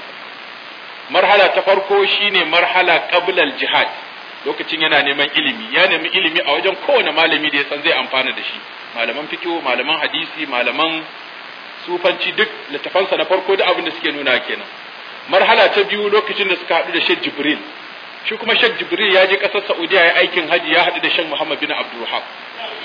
marhala ta farko shine marhala qablal jihad lokacin yana neman ilimi ya nemi ilimi a wajen kowane malami da ya san zai amfana da shi malaman fikihu malaman hadisi malaman sufanci duk littafansa na farko da abin da suke nuna kenan marhala ta biyu lokacin da suka haɗu da Sheikh Jibril shi kuma Sheikh Jibril ya je ƙasar Saudiya ya aikin haji ya haɗu da Sheikh Muhammad bin Abdulwahab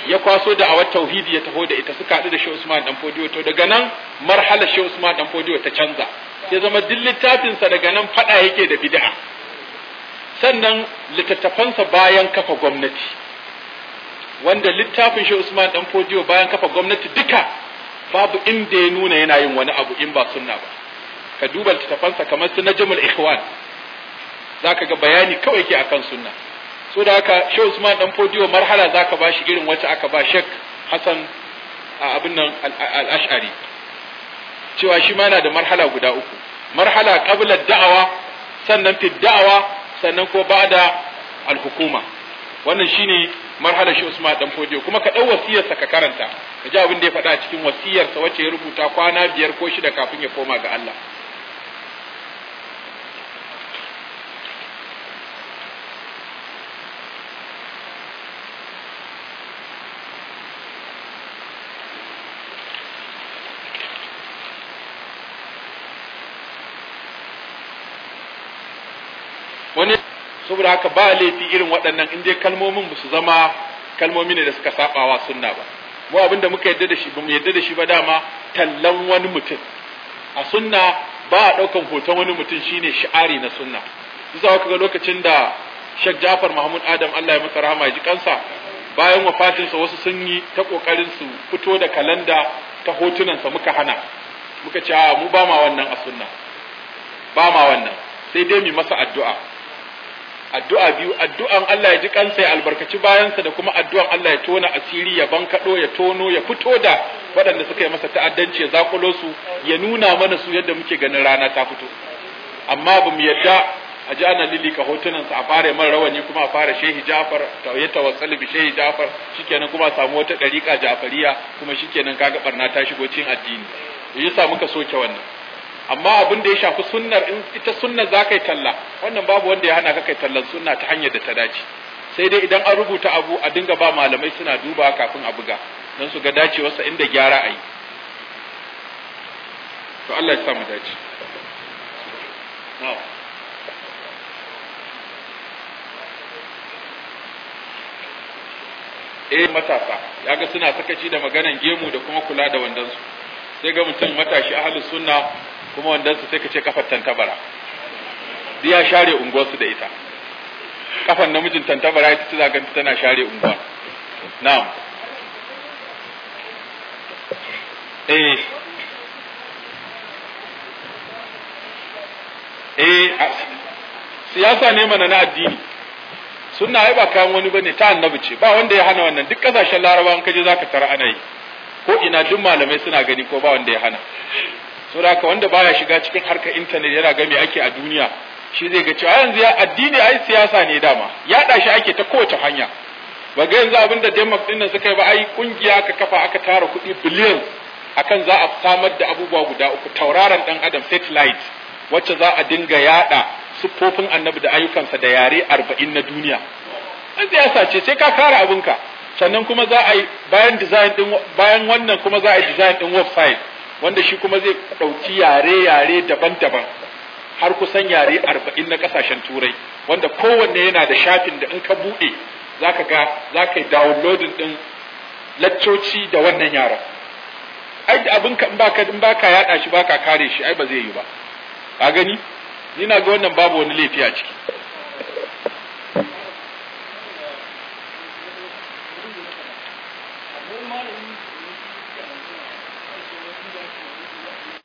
ya kwaso da awar tauhidi ya taho da ita suka haɗu da Sheikh Usman dan Fodiyo to daga nan marhala Sheikh Usman dan Fodiyo ta canza ya zama duk littafinsa daga nan faɗa yake da bid'a sannan littattafansa bayan kafa gwamnati wanda littafin Sheikh Usman dan Fodiyo bayan kafa gwamnati duka babu inda ya nuna yana yin wani abu in ba sunna ba ka duba littafansa kamar su najmul ikhwan zaka ga bayani kawai ke akan sunna so da haka Sheikh Usman dan Fodiyo marhala zaka bashi irin wacce aka ba Sheikh Hassan a abin nan al-Ash'ari cewa shi ma yana da marhala guda uku marhala qabla da'awa sannan fi da'awa sannan ko ba'da al-hukuma wannan shine marhala shi Usman dan fodiyo kuma ka dau wasiyarsa ka karanta ka ji abin da ya faɗa cikin wasiyarsa wacce ya rubuta kwana biyar ko shida kafin ya koma ga Allah saboda haka ba laifi irin waɗannan in dai kalmomin ba su zama kalmomi ne da suka saɓawa sunna ba mu abin da muka yadda da shi ba mu yadda da shi ba dama tallan wani mutum a sunna ba a ɗaukan hoton wani mutum shine shi'ari na sunna zuwa waka ga lokacin da Sheikh Jafar Mahmud Adam Allah ya masa rahama ya ji kansa bayan wafatinsa wasu sun yi ta kokarin su fito da kalanda ta hotunansa muka hana muka ce mu ba ma wannan a sunna ba ma wannan sai dai mu masa addu'a addu'a biyu addu'an Allah ya ji kansa ya albarkaci bayansa da kuma addu'an Allah ya tona asiri ya bankado ya tono ya fito da waɗanda suka yi masa ta'addanci ya zakulo su ya nuna mana su yadda muke ganin rana ta fito amma ba mu yadda a ji ana ka hotunansa a fara man rawani kuma a fara shehi jafar ya tawassali bi shehi jafar shikenan kuma samu wata ɗariƙa jafariya kuma shikenan kaga barna ta shigo cikin addini yasa muka soke wannan amma abin da ya shafi sunnar in ita sunnar za ka yi talla wannan babu wanda ya hana ka kai tallan sunna ta hanyar da ta dace sai dai idan an rubuta abu a dinga ba malamai suna duba kafin a buga don su ga wasa inda gyara a yi to Allah ya sa mu dace eh matasa ya ga suna sakaci da maganan gemu da kuma kula da wandansu sai ga mutum matashi ahalus sunna kuma wandansu sai ka ce kafar tantabara duk ya share unguwarsu da ita kafar namijin tantabara ita ce zaganta tana share unguwa na'am eh eh siyasa ne mana na addini sunna ai ba kayan wani bane ta annabi ce ba wanda ya hana wannan duk kasashen larabawa an kaje zaka tara ana yi ko ina duk malamai suna gani ko ba wanda ya hana saboda haka wanda baya shiga cikin harkar intanet yana ga me ake a duniya shi zai ga cewa yanzu ya addini ai siyasa ne dama ya shi ake ta kowace hanya ba ga yanzu abin da Denmark din nan suka yi ba ai kungiya ka kafa aka tara kuɗi biliyan akan za a samar da abubuwa guda uku tauraron dan adam satellite wacce za a dinga yada sufofin annabi da ayyukansa da yare arba'in na duniya an siyasa ce sai ka kare abinka sannan kuma za a yi bayan design din bayan wannan kuma za a yi design din website wanda shi kuma zai ɗauki yare-yare daban-daban har kusan yare arba'in na ƙasashen turai wanda kowanne yana da shafin da in ka buɗe za ka ga za ka yi downloading ɗin laccoci da wannan yaron. ai da abin ka in baka in baka yaɗa shi baka kare shi ai ba zai yi ba ka gani ni na ga wannan babu wani laifi a ciki